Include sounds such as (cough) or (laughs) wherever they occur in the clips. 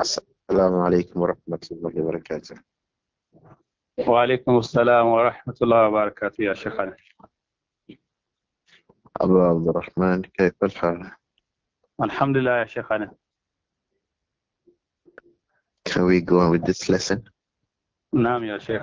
السلام عليكم ورحمة الله وبركاته وعليكم السلام ورحمة الله وبركاته يا شيخنا أبو عبد الرحمن كيف الحال؟ الحمد لله يا شيخنا Can we go on with this lesson? نعم يا شيخ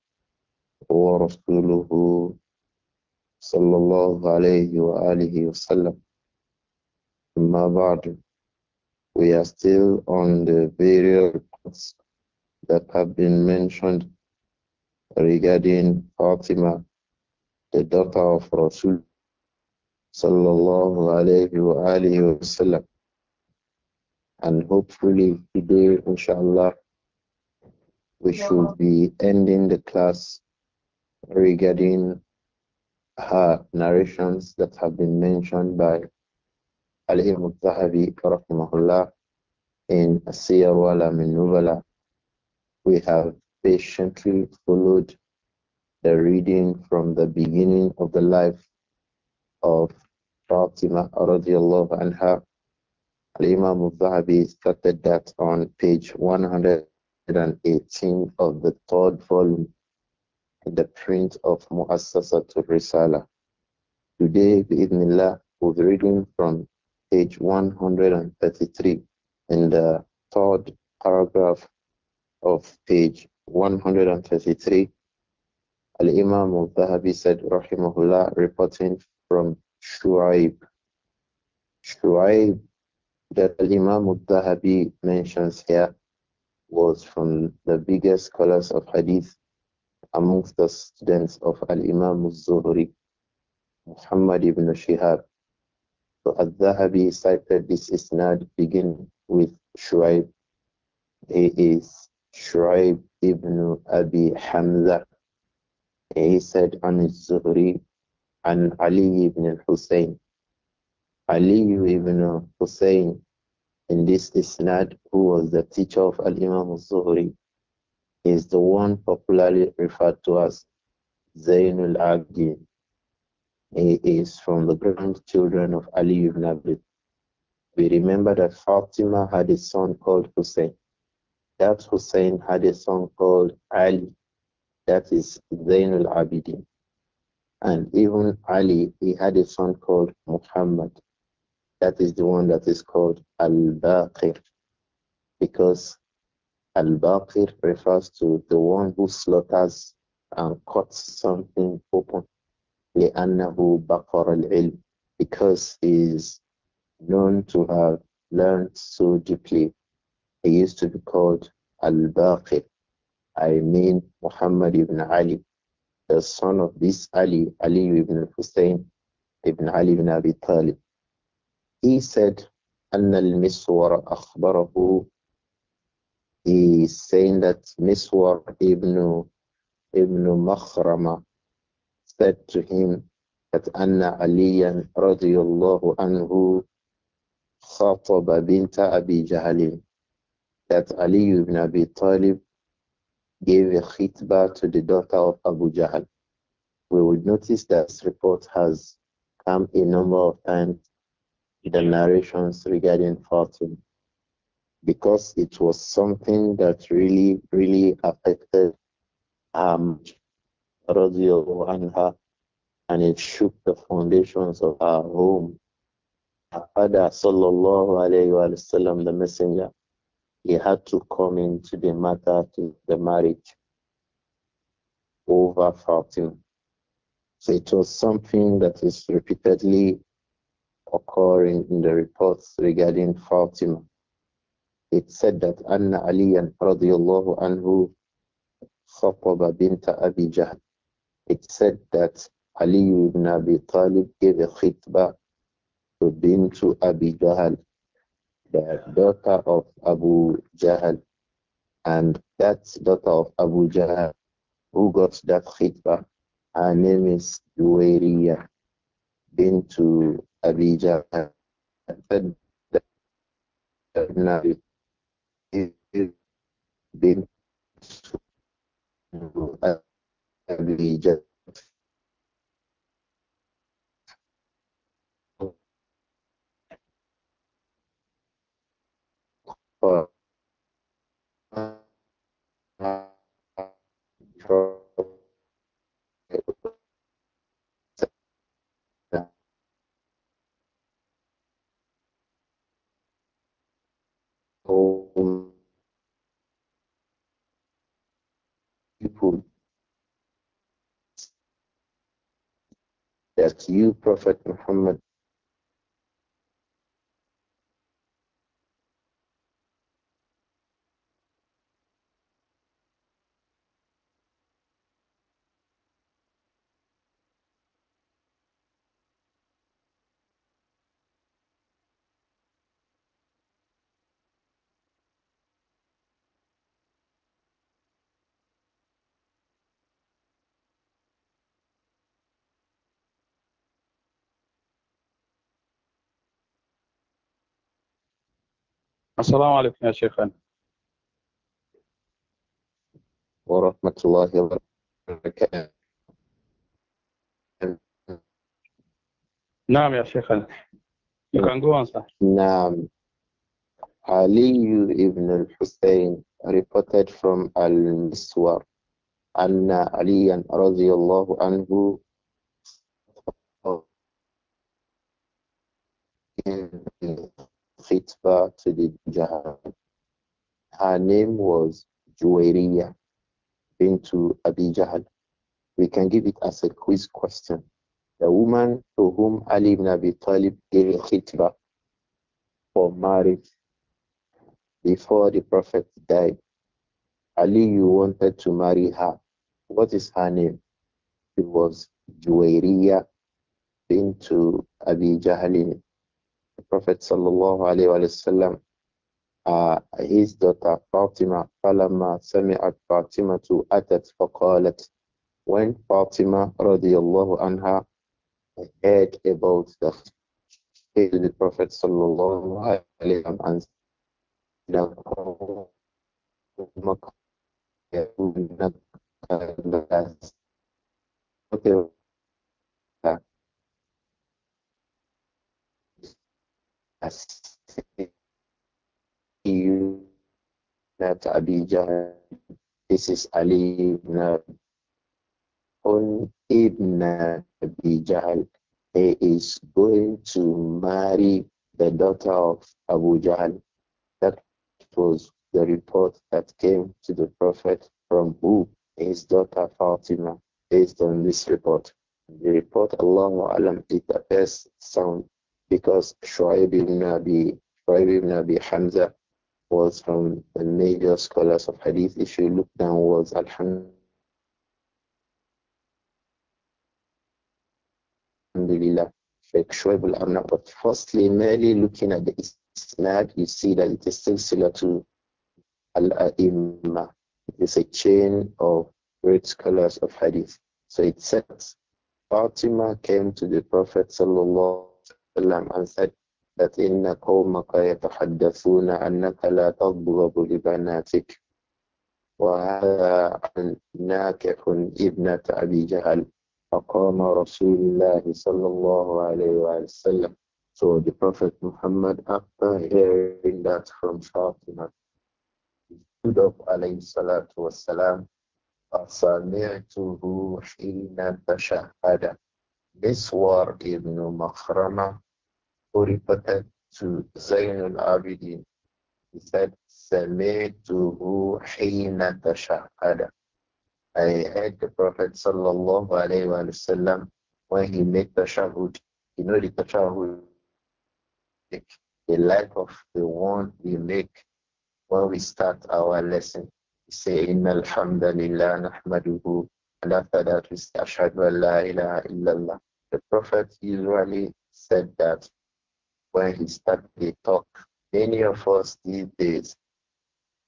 ورسوله صلى الله عليه وآله وسلم بعد We are still on the various that have been mentioned regarding Fatima, the daughter of Rasul sallallahu And hopefully today, inshallah, we should be ending the class regarding her narrations that have been mentioned by Ali imam Zahabi rahimahullah in Asiyar Wala Minubala. We have patiently followed the reading from the beginning of the life of Fatima radiallahu anha. Al-Imam Zahabi started that on page 118 of the third volume in the print of to Risala. Today, bi'idhnillah, we'll be reading from page 133 in the third paragraph of page 133. Al-Imam al-Zahabi said, rahimahullah, reporting from Shu'aib. Shu'aib that Al-Imam al-Zahabi mentions here was from the biggest scholars of hadith amongst the students of Al Imam Zuhri, Muhammad ibn Shihab. So Al Zahabi cited this isnad begin with Shuaib. He is Shuaib ibn Abi Hamza. He said on Zuhri and Ali ibn Hussein. Ali ibn Hussein in this isnad, who was the teacher of Al Imam Zuhri, is the one popularly referred to as Zainul Abidin. He is from the grandchildren of Ali ibn Abi. We remember that Fatima had a son called Hussein. That Hussein had a son called Ali. That is Zainul Abidin. And even Ali, he had a son called Muhammad. That is the one that is called Al-Baqir. Because Al-Baqir refers to the one who slaughters and cuts something open. لأنه al العلم because he is known to have learned so deeply. He used to be called Al-Baqir. I mean Muhammad ibn Ali, the son of this Ali, Ali ibn Hussein ibn Ali ibn Abi Talib. He said, أن المسور أخبره He's saying that Miswar ibn, ibn Makhrama said to him that Anna Aliyan radiallahu anhu khataba binta Abi Jahalin. That Ali ibn Abi Talib gave a khitbah to the daughter of Abu Jahl. We would notice that this report has come a number of times in the narrations regarding Fatima because it was something that really, really affected um, her, and it shook the foundations of our home. Our father, sallallahu alayhi wa sallam, the messenger, he had to come into the matter to the marriage over 14. So it was something that is repeatedly occurring in the reports regarding Fatima it said that Anna Aliyan radiallahu anhu khataba bint Abi Jahl. It said that Ali ibn Abi Talib gave a khitbah to bintu Abi Jahl, the daughter of Abu Jahl. And that daughter of Abu Jahl who got that khitbah, her name is Duwairiya bintu Abi Jahl. Ibn Abi it, it been Oh. people. That's you, Prophet Muhammad السلام عليكم يا شيخنا ورحمة الله وبركاته نعم يا شيخنا You can go on, sir. نعم Ali ibn al-Hussein reported from al-Miswar أن عليا رضي الله عنه in fitba to the jihad. Her name was Juwairiya into Abi We can give it as a quiz question. The woman to whom Ali ibn Abi Talib gave khitbah for marriage before the Prophet died, Ali, you wanted to marry her. What is her name? It was Juwairiya into Abi Prophet sallallahu alaihi wasallam, uh, his daughter Fatima, فلما سمعت فاطمة أتت فقالت when Fatima radiallahu anha heard about the faith of the Prophet sallallahu alaihi wasallam and the that Abi This is Ali ibn on Ibn Abijah. He is going to marry the daughter of Abu Jahl. That was the report that came to the Prophet from who? His daughter Fatima, based on this report. The report, Allahu Alam, it as sound because Shu'aib ibn Abi, Shu'aib ibn Abi Hamza was from the major scholars of hadith. If you look downwards, Alhamdulillah, Sheikh Shu'aib al-Amna. But firstly, merely looking at the isnad, you see that it is still similar to al-A'imma. It is a chain of great scholars of hadith. So it says, Fatima came to the Prophet sallallahu وسلم عن سد that إن قومك يتحدثون أنك لا تضرب لبناتك وهذا عن ناكح ابنة أبي جهل فقام رسول الله صلى الله عليه وسلم So the Prophet Muhammad, after hearing that from Fatima, stood up alayhi salatu wasalam, فَسَمِعْتُهُ حِينَ تَشَهَّدَ This war ibn Makhrama, who reported to Zayn al-Abidin, he said, سَمِعْتُهُ حِينَ تَشَهَّدَ I heard the Prophet sallallahu alayhi wa sallam when he made tashahud. You know the tashahud, the life of the one we make when we start our lesson. say, "Inna alhamdulillah, لِلَّهِ and after that, we say, Ashadu Allah ilaha illallah. The Prophet usually said that when he started the talk. Many of us these days,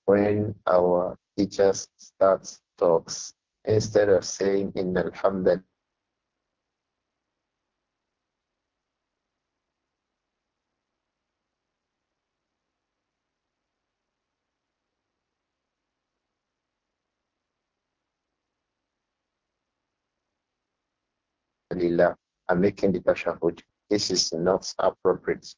when our teachers start talks, instead of saying, In Alhamdulillah, and making the tashahud. This is not appropriate.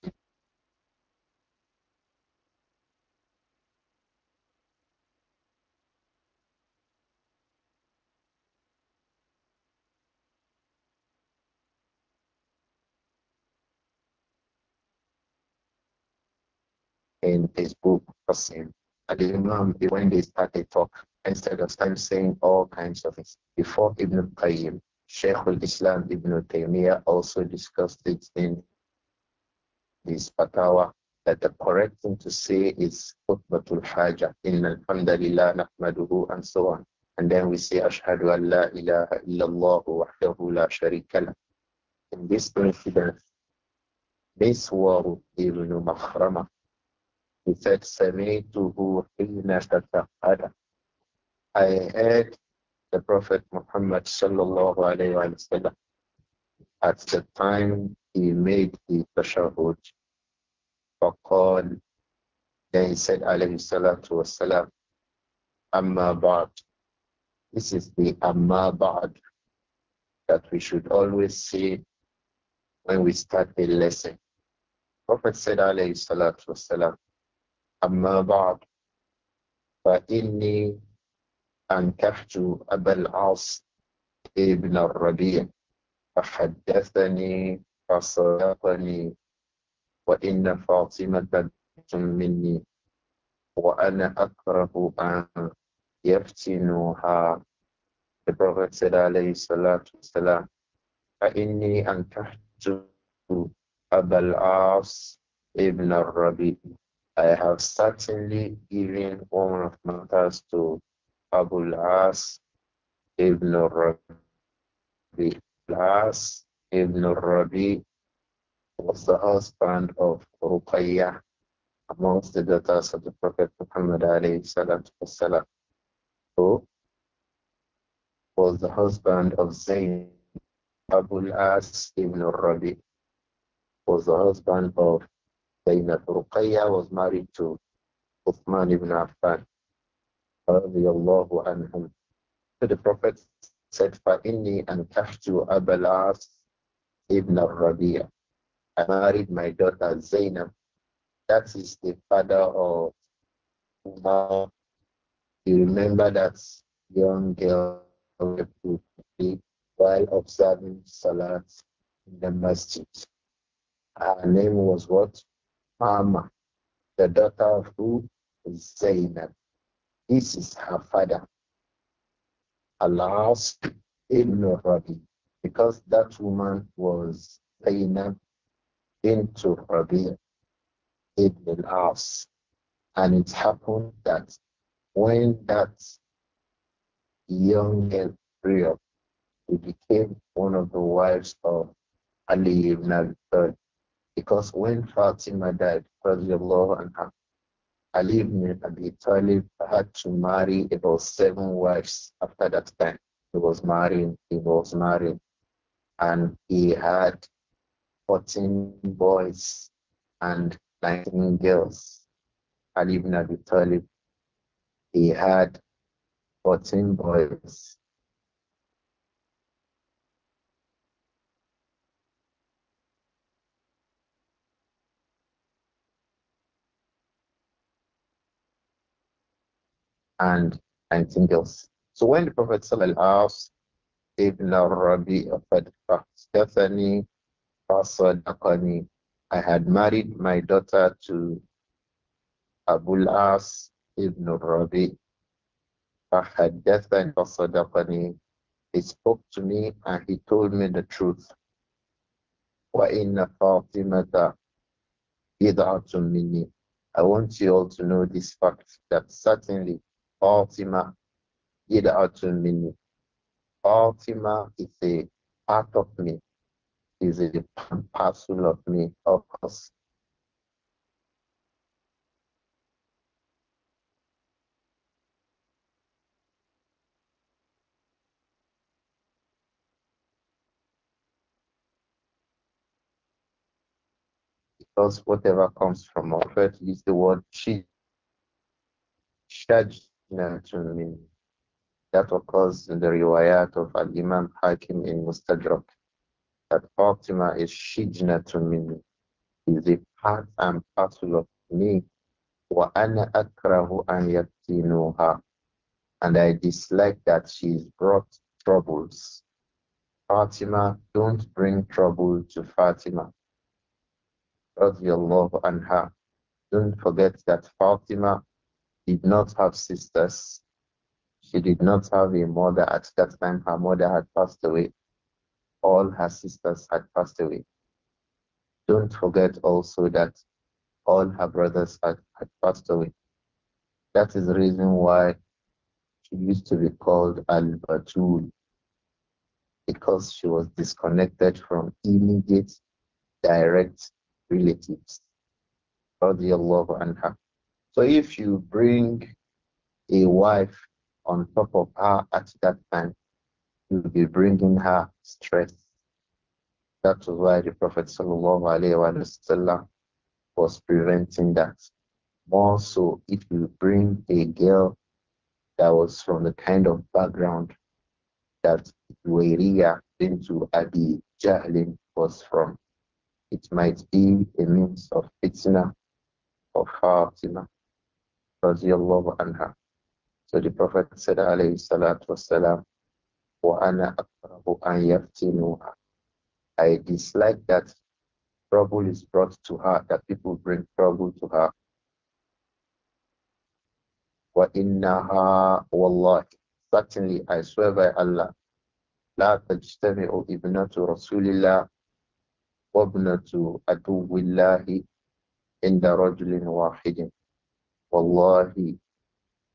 in this book Qasim. I didn't know when they started talk, instead of time saying all kinds of things. Before Ibn Qayyim, Sheikhul al-Islam Ibn Taymiyyah also discussed it in his fatawa that the correct thing to say is khutbatul hajah in alhamdulillah nahmaduhu and so on and then we say ashhadu an la ilaha illallah wahdahu la sharika in this incident war ibn Makhrama he said سمعته حين تفقد I heard the Prophet Muhammad sallallahu alayhi wa sallam, at the time he made the tashahud, فقال, then he said alayhi salatu wasalam, amma ba'd. This is the amma ba'd that we should always say when we start a lesson. Prophet said alayhi salatu wasalam, amma ba'd, أنكحت أبا العاص ابن الربيع فحدثني فصدقني وإن فاطمة بنت مني وأنا أكره أن يفتنوها The Prophet said عليه الصلاة والسلام فإني أنكحت أبا العاص ابن الربيع I have certainly given one of my matters to Abu As ibn Rabi. As ibn Rabi was the husband of Ruqayyah amongst the daughters of the Prophet Muhammad Ali salatu who was the husband of Zayn Abu As ibn Rabi, was the husband of Zainab Ruqayyah, was married to Uthman ibn Affan. So the Prophet said, فَإِنِّي and أَبَا الْعَاص ibn rabia I married my daughter Zainab. That is the father of Umar. You remember that young girl while observing Salat in the masjid. Her name was what? Mama, the daughter of who? Zainab. This is her father. Allah's Ibn Rabi, because that woman was Zainab into Rabi Ibn al-As. And it happened that when that young girl grew up, she became one of the wives of Ali ibn al-Third. Because when Fatima died, and her. Ali ibn Abi Talib had to marry about seven wives after that time. He was married. he was married, and he had 14 boys and 19 girls. Ali ibn Abi Talib, he had 14 boys and anything else. So when the Prophet asked Ibn Rabi Stephanie Fasadakani, I had married my daughter to Abul As Ibn Rabi. Fahadathani Fasadakani. He spoke to me and he told me the truth. وَإِنَّ فَاطِمَةَ بِضْعَةٌ مِنِّي I want you all to know this fact that certainly Fatima yid'atun minni. Fatima is a part of me, is a parcel of me, of us. Because whatever comes from our heart is the word she judge that occurs in the riwayat of Al Imam Hakim in Mustadrak. That Fatima is to me, is a part and parcel of me. Wa ana akrahu an yaktinuha. And I dislike that she's brought troubles. Fatima, don't bring trouble to Fatima. Radiallahu her. Don't forget that Fatima did not have sisters. She did not have a mother at that time. Her mother had passed away. All her sisters had passed away. Don't forget also that all her brothers had, had passed away. That is the reason why she used to be called Al Batul, because she was disconnected from immediate direct relatives. Radiallahu anha. So if you bring a wife on top of her at that time, you'll be bringing her stress. That was why the Prophet wasallam was preventing that. More so, if you bring a girl that was from the kind of background that Juwairiya into Abi Jahlin was from, it might be a means of fitna of Fatima anha. So the Prophet said, alayhi salatu wasalam, wa ana akrahu an yaftinuha. I dislike that trouble is brought to her, that people bring trouble to her. Wa innaha wallahi. Certainly, I swear by Allah, لا تجتمع ابنة رسول الله وابنة عدو الله عند رجل واحد Wallahi,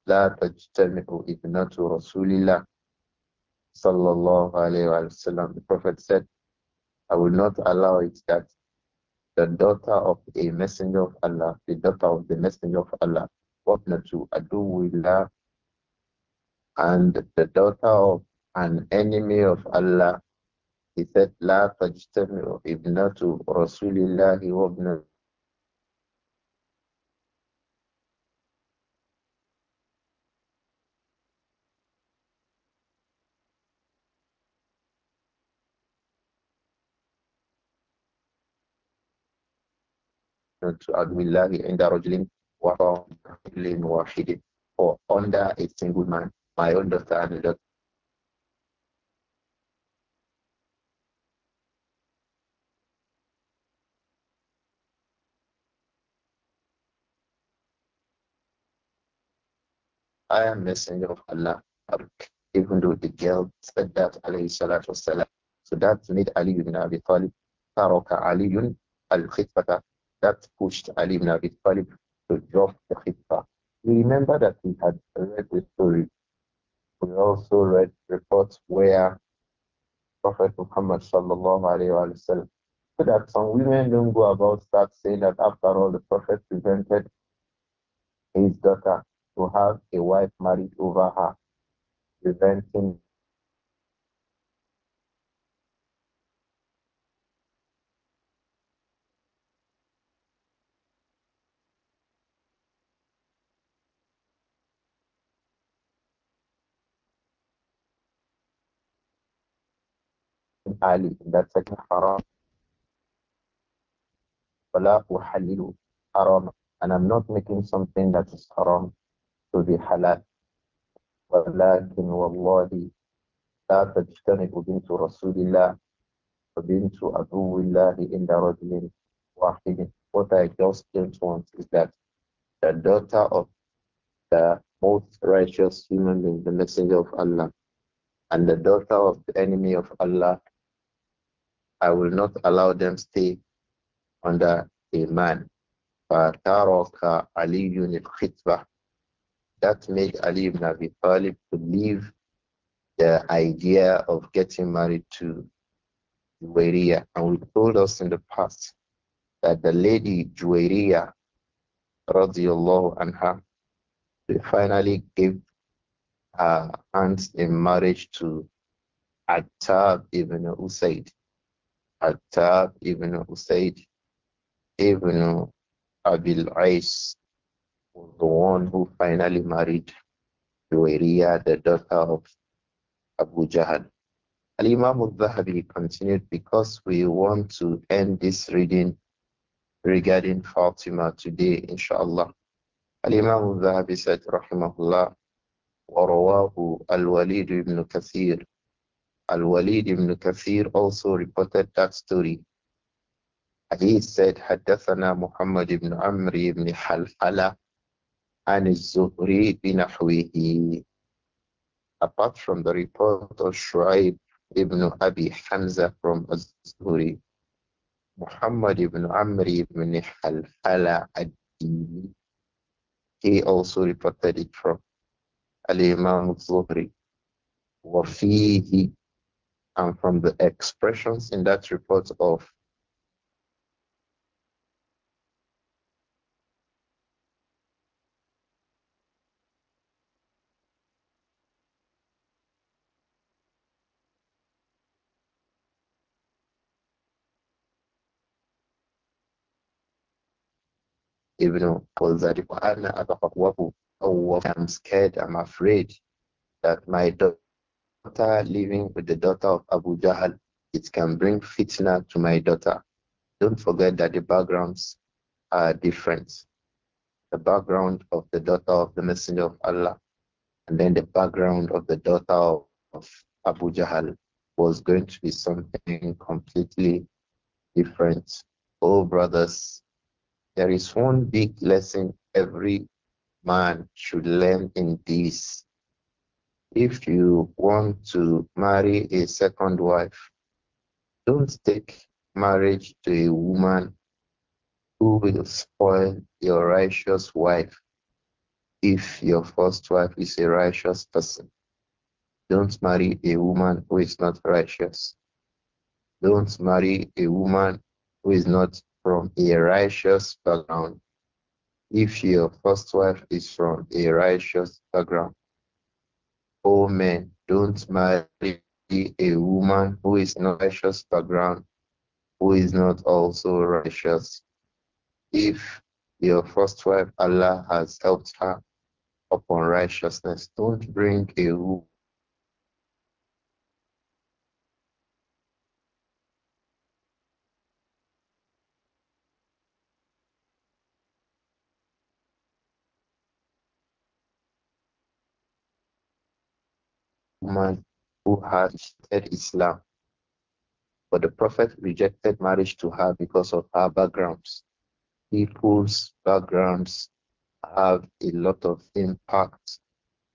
لا تجتمع ابنة رسول الله صلى الله عليه The Prophet said, I will not allow it that the daughter of a messenger of Allah, the daughter of the messenger of Allah, Wabnatu Aduwillah, and the daughter of an enemy of Allah, he said, لا تجتمع ابنة رسول الله وابنة كَانَتْ عَدْمِ اللَّهِ عِنْدَ رَجْلٍ وَرَجْلٍ Or under a single man, I understand that I am messenger of Allah, even though the girl said that, alayhi salatu wasalam. So that made Ali ibn Abi Talib, Taraka Aliyun al-Khitfata that pushed Ali ibn Abi Talib to drop the khitbah. We remember that we had read the story. We also read reports where Prophet Muhammad sallallahu alayhi wa sallam so that some women don't go about start saying that after all the Prophet prevented his daughter to have a wife married over her, preventing Ali in that second haram. Fala haram. And I'm not making something that is haram to be halal. ولكن والله لا تجتنب بنت رسول الله وبنت أبو الله إلا رجل واحد. What I just did not want is that the daughter of the most righteous human being, the messenger of Allah, and the daughter of the enemy of Allah I will not allow them stay under a man. That made Ali ibn Abi Talib to leave the idea of getting married to Juwairia. And we told us in the past that the lady Juwairia, radiallahu anha, finally gave her hands in marriage to Attab ibn Usaid. Attab ibn Usaid ibn Abil Ais was the one who finally married Juwairiya, the daughter of Abu Jahal. Al-Imam al-Zahabi continued because we want to end this reading regarding Fatima today, inshallah. Al-Imam al-Zahabi said, rahimahullah, ورواه الوليد ibn كثير Al-Walid ibn Kathir also reported that story. And he said, حدثنا Muhammad ibn Amr ibn حلحلة Zuhri bin بنحوه. Apart from the report of Shu'aib ibn Abi Hamza from zuhri Muhammad ibn Amri ibn Halhala ad-Dini, he also reported it from Al-Imam Zuhri. وفيه and from the expressions in that report of Ibn Al-Zariq, I'm scared, I'm afraid that my daughter daughter living with the daughter of Abu Jahal, it can bring fitna to my daughter. Don't forget that the backgrounds are different. The background of the daughter of the Messenger of Allah and then the background of the daughter of, of Abu Jahal was going to be something completely different. Oh, brothers, there is one big lesson every man should learn in this if you want to marry a second wife, don't take marriage to a woman who will spoil your righteous wife if your first wife is a righteous person. Don't marry a woman who is not righteous. Don't marry a woman who is not from a righteous background if your first wife is from a righteous background. O men, don't marry a woman who is not righteous background, who is not also righteous. If your first wife, Allah has helped her upon righteousness, don't bring a woman who had hated Islam. But the Prophet rejected marriage to her because of her backgrounds. People's backgrounds have a lot of impact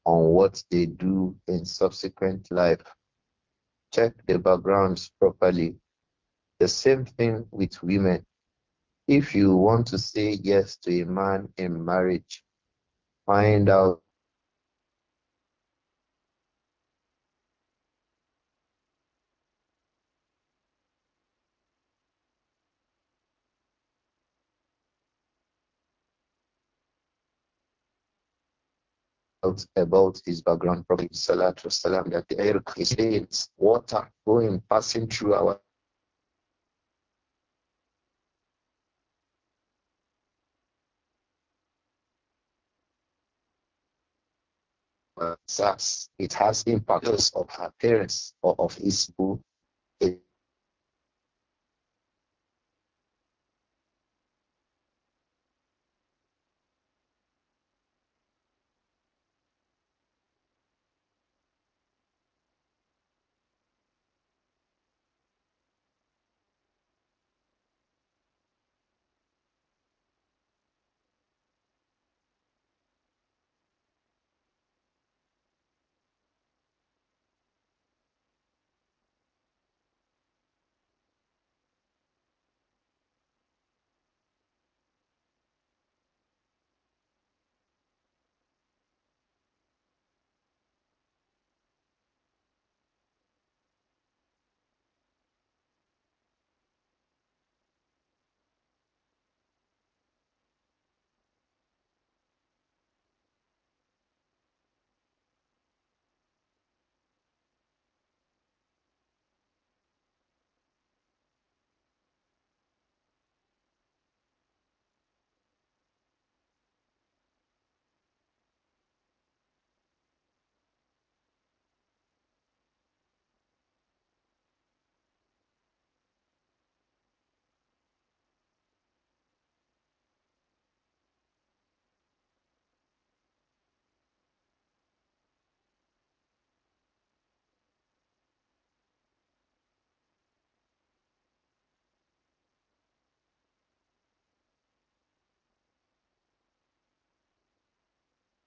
on what they do in subsequent life. Check the backgrounds properly. The same thing with women. If you want to say yes to a man in marriage, find out out about his background, from Salat Salatu that the air is water going, passing through our it has impacts of her parents or of his school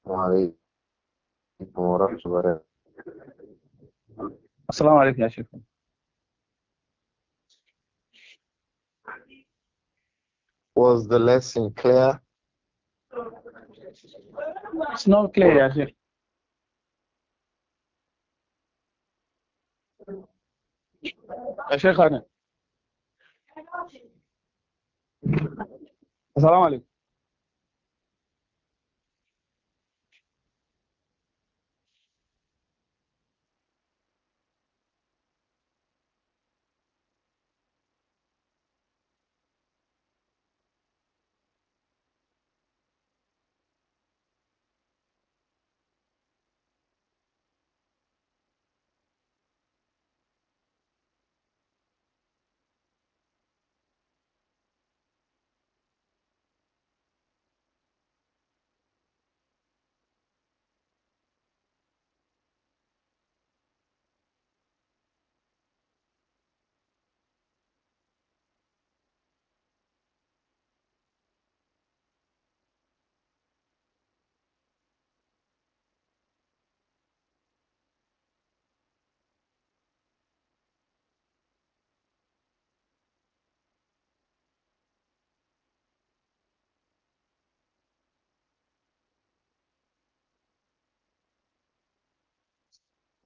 Was the lesson clear? It's not clear, Yashir. Yashir Khan. Assalamu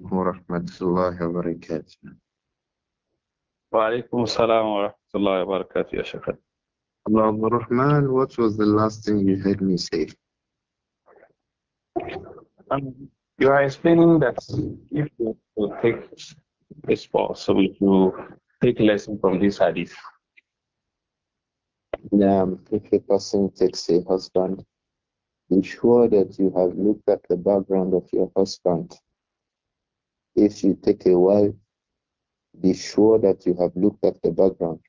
عليكم Rahman, what was the last thing you heard me say? Um, you are explaining that if you take this pause, so if you take lesson from this hadith. Yeah, if a person takes a husband, be sure that you have looked at the background of your husband if you take a wife, be sure that you have looked at the background.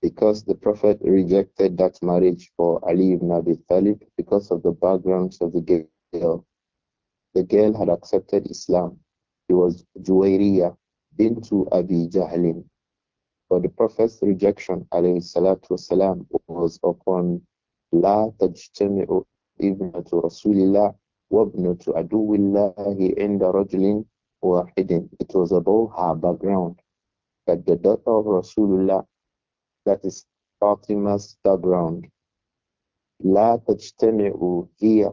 Because the Prophet rejected that marriage for Ali ibn Abi Talib because of the backgrounds of the girl. The girl had accepted Islam. She was Juwairiya bintu Abi Jahlin. But the Prophet's rejection, alayhi salatu wasalam, was upon La tajtami'u to Rasulillah wabnatu aduwillahi inda rajulin hidden. It was about her background that the daughter of Rasulullah, that is Fatima's background, لا تجتمع هي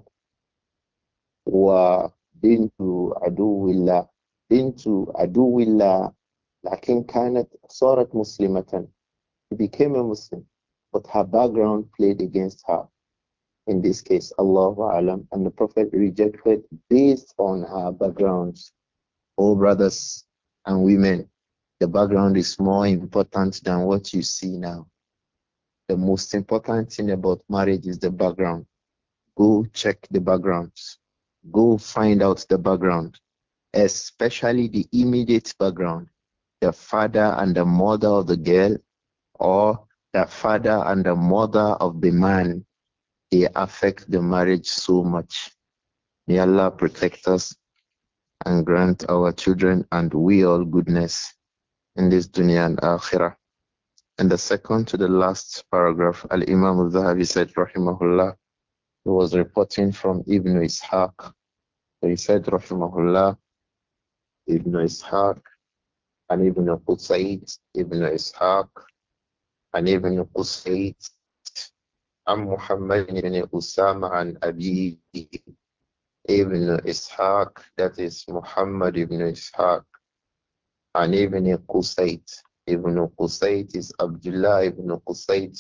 وبنت عدو الله بنت عدو الله لكن كانت صارت مسلمة She became a Muslim but her background played against her in this case Allah Alam and the Prophet rejected based on her backgrounds all brothers and women, the background is more important than what you see now. The most important thing about marriage is the background. Go check the backgrounds. Go find out the background, especially the immediate background, the father and the mother of the girl, or the father and the mother of the man. They affect the marriage so much. May Allah protect us and grant our children and we all goodness in this dunya and akhirah. And the second to the last paragraph, Al Imam al Zahabi said, Rahimahullah, he was reporting from Ibn Ishaq. He said, Rahimahullah, Ibn Ishaq, and Ibn Qusayd, Ibn Ishaq, and Ibn I عن محمد بن أسامة عن أبيه Ibn Ishaq, that is Muhammad ibn Ishaq, and Ibn Qusayt. Ibn Qusayt is Abdullah ibn Qusayt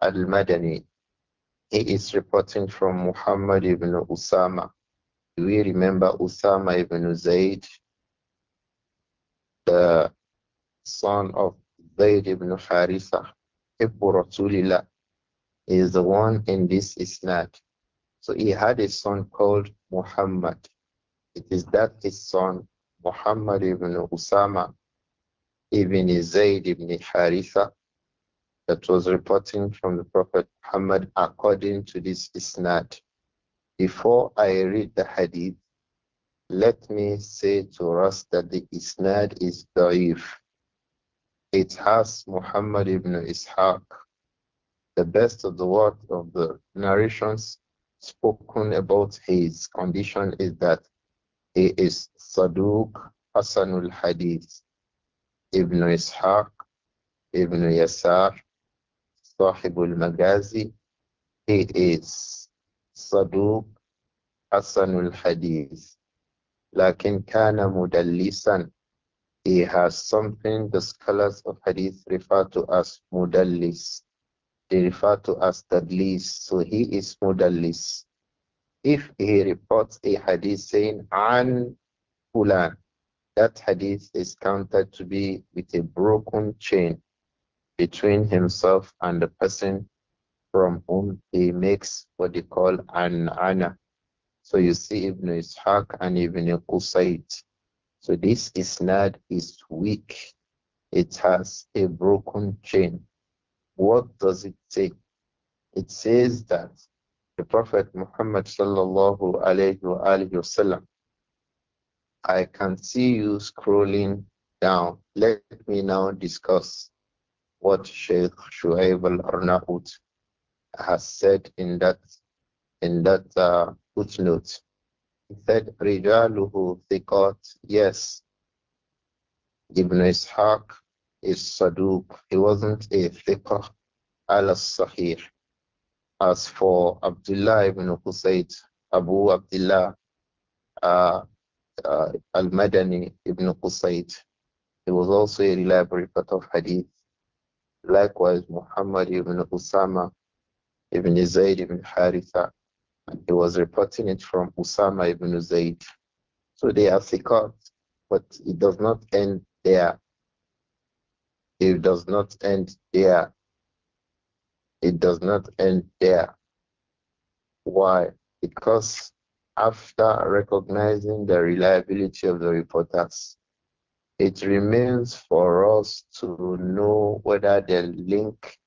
al-Madani. He is reporting from Muhammad ibn Usama. we remember Usama ibn Zayd, the son of Zayd ibn Haritha, Ibn Rasulillah, is the one in this isnad. So he had a son called Muhammad. It is that his son, Muhammad ibn Usama ibn Zayd ibn Haritha, that was reporting from the Prophet Muhammad according to this isnad. Before I read the hadith, let me say to us that the isnad is da'if. It has Muhammad ibn Ishaq. The best of the work of the narrations spoken about his condition is that he is Saduq Hasanul Hadith, Ibn Ishaq, Ibn Yasar, Sahibul Magazi. He is Saduq Hasanul Hadith. Lakin kana mudallisan. He has something the scholars of hadith refer to as mudallis they refer to as tadlis. So he is mudallis. If he reports a hadith saying an fulan, that hadith is counted to be with a broken chain between himself and the person from whom he makes what they call an ana. So you see Ibn Ishaq and Ibn Qusayd. So this is not; is weak. It has a broken chain. What does it say? It says that the Prophet Muhammad sallallahu alayhi wa wasallam, I can see you scrolling down. Let me now discuss what Sheikh Shu'aib al-Arnaut has said in that in that uh, footnote. He said, Rijaluhu thiqat, yes. Ibn Ishaq a Saduq. He wasn't a Thiqah al-Sahih. As for Abdullah ibn Qusayd Abu Abdullah uh, uh, al-Madani ibn Qusayd, he was also a reliable reporter of hadith. Likewise, Muhammad ibn Usama ibn Zayd ibn Haritha, he was reporting it from Usama ibn Zayd. So they are thiqat, but it does not end there. It does not end there. It does not end there. Why? Because after recognizing the reliability of the reporters, it remains for us to know whether the link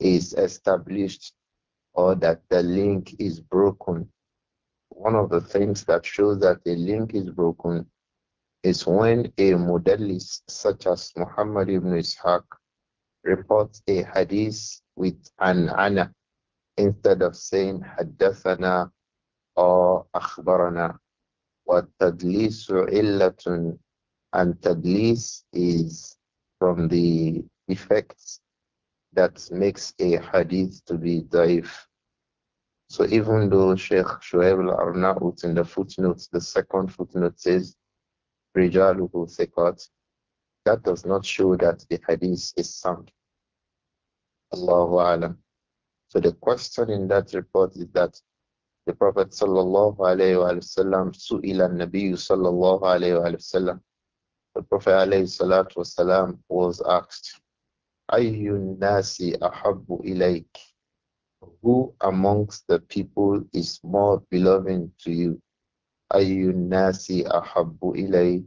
is established or that the link is broken. One of the things that shows that the link is broken is when a modellist such as Muhammad ibn Ishaq reports a hadith with an ana instead of saying haddathana or akhbarana. وَالتَّدْلِيسُ عِلَّةٌ And tadlis is from the effects that makes a hadith to be daif. So even though Sheikh Shoaib al-Arnaut in the footnotes, the second footnote says, Rijaluhu Thiqat, that does not show that the hadith is sound. Allahu Alam. So the question in that report is that the Prophet sallallahu alayhi wa sallam su'ila nabiyyu sallallahu alayhi wa sallam the Prophet alayhi salatu wa sallam was asked ayyun nasi ahabbu ilayk who amongst the people is more beloved to you Nasi Ahabu Ilay?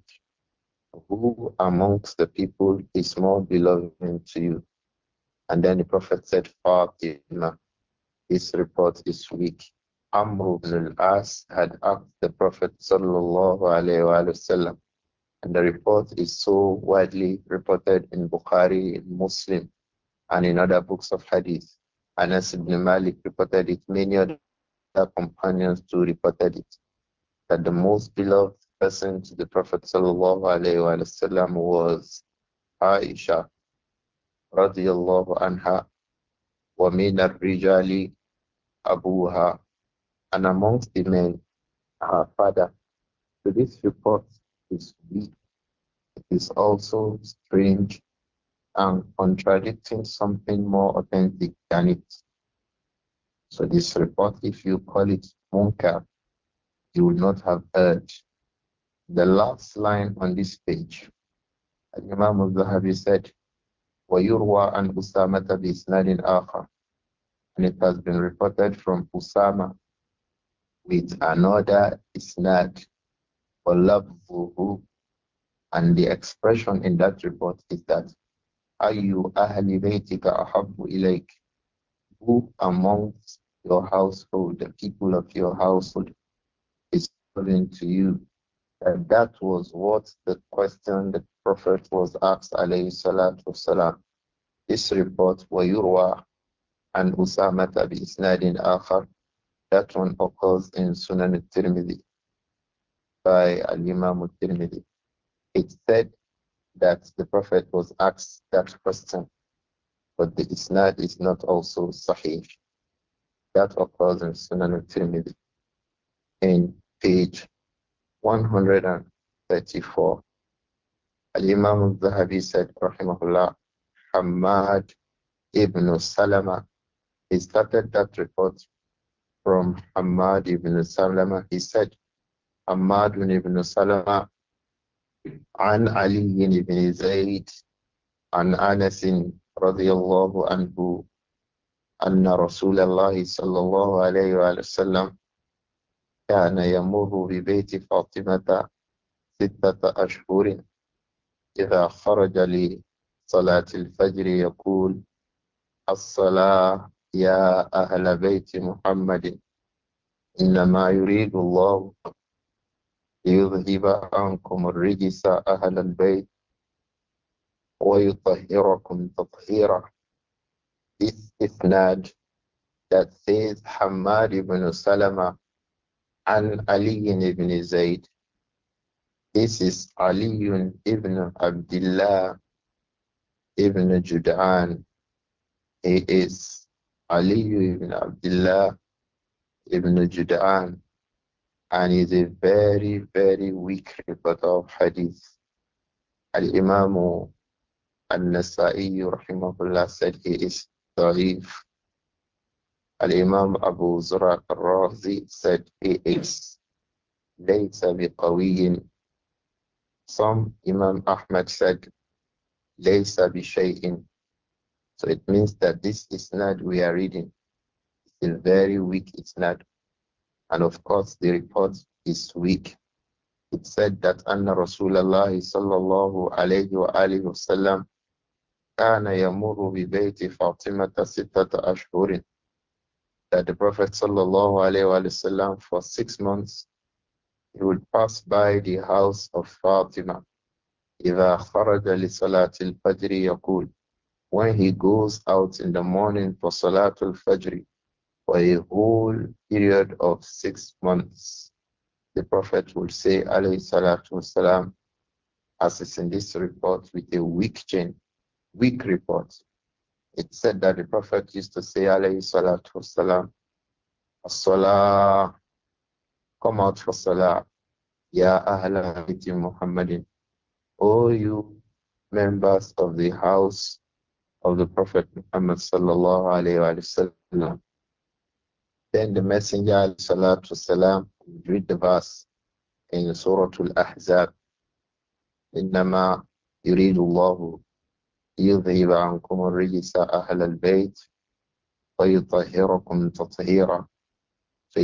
Who amongst the people is more beloved to you? And then the Prophet said, Fatima. This report is weak. Amr ibn as had asked the Prophet sallallahu alayhi wasallam, and the report is so widely reported in Bukhari, in Muslim, and in other books of Hadith. Anas ibn Malik reported it, many other companions too reported it that the most beloved person to the Prophet وسلم, was Aisha radiallahu anha wa min rijali abuha and amongst the men her father. So this report is weak. It is also strange and contradicting something more authentic than it. So this report, if you call it munkar, you would not have heard. The last line on this page, Imam al-Zahabi said, وَيُرْوَى عَنْ أُسَامَةَ بِإِسْنَادٍ آخَرٍ And it has been reported from Usama with another isnad, وَلَفْظُهُ And the expression in that report is that أَيُّ أَهْلِ بَيْتِكَ أَحَبُّ إِلَيْكَ Who amongst your household, the people of your household, according to you. That that was what the question the Prophet was asked, alayhi salatu wasalam. This report, وَيُرْوَى and أُسَامَةَ بِإِسْنَادٍ آخر. That one occurs in Sunan al-Tirmidhi by Al-Imam al-Tirmidhi. It said that the Prophet was asked that question, but the Isnad is not also Sahih. That occurs in Sunan al-Tirmidhi. In page 134. Al Imam al said, Hamad ibn Salama. He started that report from Hamad ibn Salama. He said, Hamad ibn Salama, an Ali ibn Zayd, an Anas radiallahu anhu, anna Rasulallah sallallahu alayhi wa sallam. كان يمر ببيت فاطمة ستة أشهر إذا خرج لصلاة الفجر يقول الصلاة يا أهل بيت محمد إنما يريد الله ليذهب عنكم الرجس أهل البيت ويطهركم تطهيرا This Naj that says Hamad ibn Salama An Ali ibn Zayd. This is Ali ibn Abdullah ibn Judan. He is Ali ibn Abdullah ibn Judan and is a very, very weak reporter of hadith. Al-Imam al-Nasa'i rahimahullah said he is da'if. Al-Imam Abu Zura al-Razi said he is ليس بقوي Some Imam Ahmad said ليس بشيء So it means that this is not we are reading It's a very weak It's not, And of course the report is weak. It said that Anna Rasulullah sallallahu alayhi wa alihi wa sallam كان يمر ببيت فاطمة ستة أشهر that the Prophet وسلم, for six months he would pass by the house of Fatima. إذا خرج لصلاة الفجر When he goes out in the morning for Salatul Fajr for a whole period of six months, the Prophet would say, alayhi salatu as is in this report with a weak chain, weak report, it said that the Prophet used to say, alayhi salatu wasalam, as-salah, come out for salah. Ya ahla baiti Muhammadin. all you members of the house of the Prophet Muhammad sallallahu alayhi wa Then the Messenger alayhi salatu wasalam read the verse in Surah Al-Ahzab. إنما يريد الله يذهب عنكم الرجس أهل البيت ويطهركم تطهيرا. So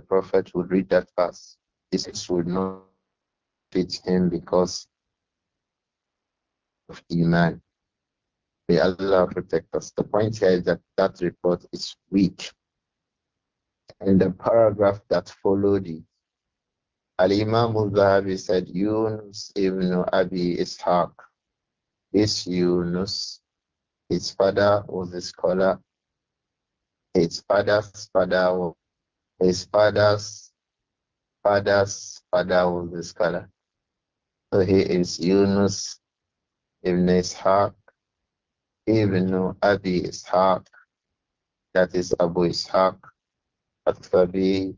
the Prophet would read that verse, this would not fit him because of Iman. May Allah protect us. The point here is that that report is weak. And the paragraph that followed it, Al Imam al Zahabi said, Yunus ibn Abi Ishaq. This Yunus, his father was a scholar. His father's father was his father's father's father was a scholar. So he is Yunus ibn Ishaq ibn Abi Ishaq. That is Abu Ishaq At-Tabi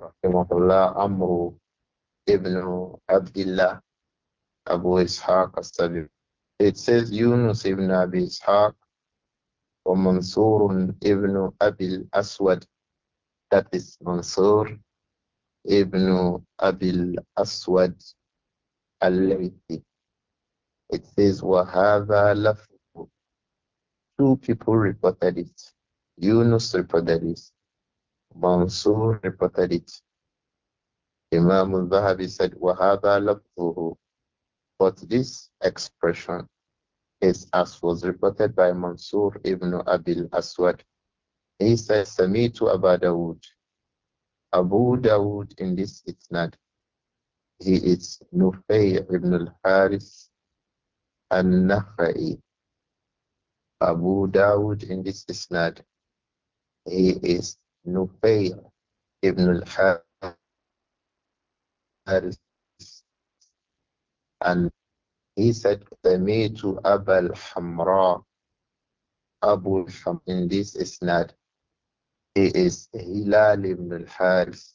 rahimahullah Amru ibn Abdullah Abu Ishaq as It says Yunus ibn Abi Ishaq ومنصور ابن أبي الأسود that is Mansur ibn Abil Aswad al-Laythi. It says, وَهَذَا lafu. Two people reported it. Yunus reported it. Mansur reported it. Imam al-Zahabi said, وَهَذَا lafu. But this expression is as was reported by Mansur ibn Abil Aswad he says, Samitu Abu Dawood. Abu Dawood in this isnad. He is Nufay ibn al-Haris al-Nakhai. Abu Dawood in this isnad. He is Nufay ibn al-Haris and he said, Samitu Abul Hamra. Abul Ham in this isnad. It is is Hilal ibn al-Harith,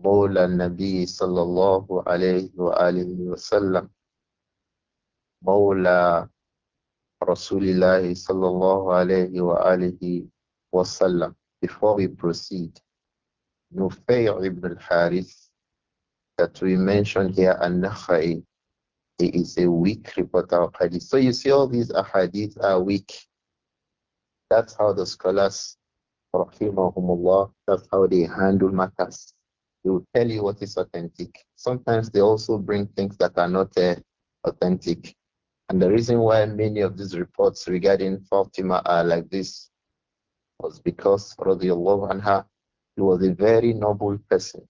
Mawla Nabi sallallahu alayhi wa alihi wa sallam, Mawla Rasulullah sallallahu alayhi wa alihi wa sallam. Before we proceed, Nufay ibn al-Harith, that we mentioned here, An-Nakhai, he is a weak reporter of hadith. So you see all these ahadith are weak. That's how the scholars rahimahumullah, that's how they handle matters. They will tell you what is authentic. Sometimes they also bring things that are not uh, authentic. And the reason why many of these reports regarding Fatima are like this was because radiallahu anha, he was a very noble person.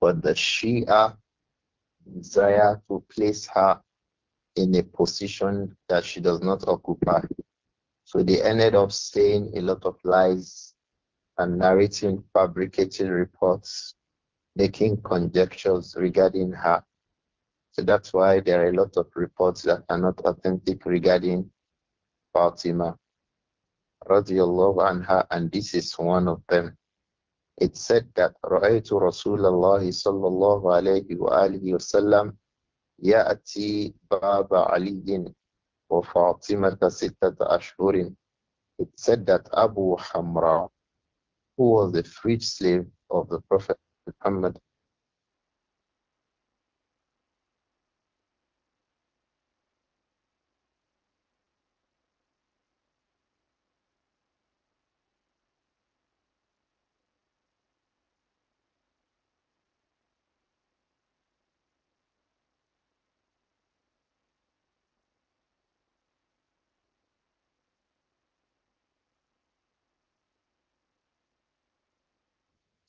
But the Shia desire to place her in a position that she does not occupy. So they ended up saying a lot of lies and narrating, fabricating reports, making conjectures regarding her. So that's why there are a lot of reports that are not authentic regarding Fatima radiallahu anha, and this is one of them. It said that Ra'aytu Rasulullah sallallahu alayhi wa alihi wa sallam ya'ati of وَفَاطِمَةَ سِتَّةَ Ashurin, It said that Abu Hamra, who was the freed slave of the Prophet Muhammad